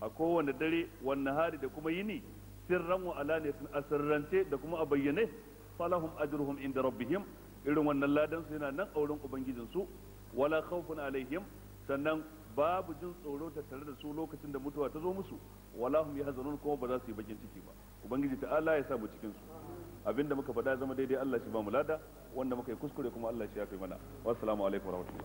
a kowane dare wannan hari da kuma yini sirran wa alaniyatin a sirrance da kuma a bayyane falahum ajruhum inda rabbihim irin wannan ladan su yana nan a wurin ubangijin su wala khawfun alaihim sannan babu jin tsoro ta tare da su lokacin da mutuwa ta zo musu wala hum yahzanun kuma ba za su yi bakin ciki ba ubangiji ta'ala ya sa mu cikin su abinda muka faɗa zama daidai Allah shi ba mu lada wanda muka yi kuskure kuma Allah shi ya kai mana wassalamu alaikum warahmatullahi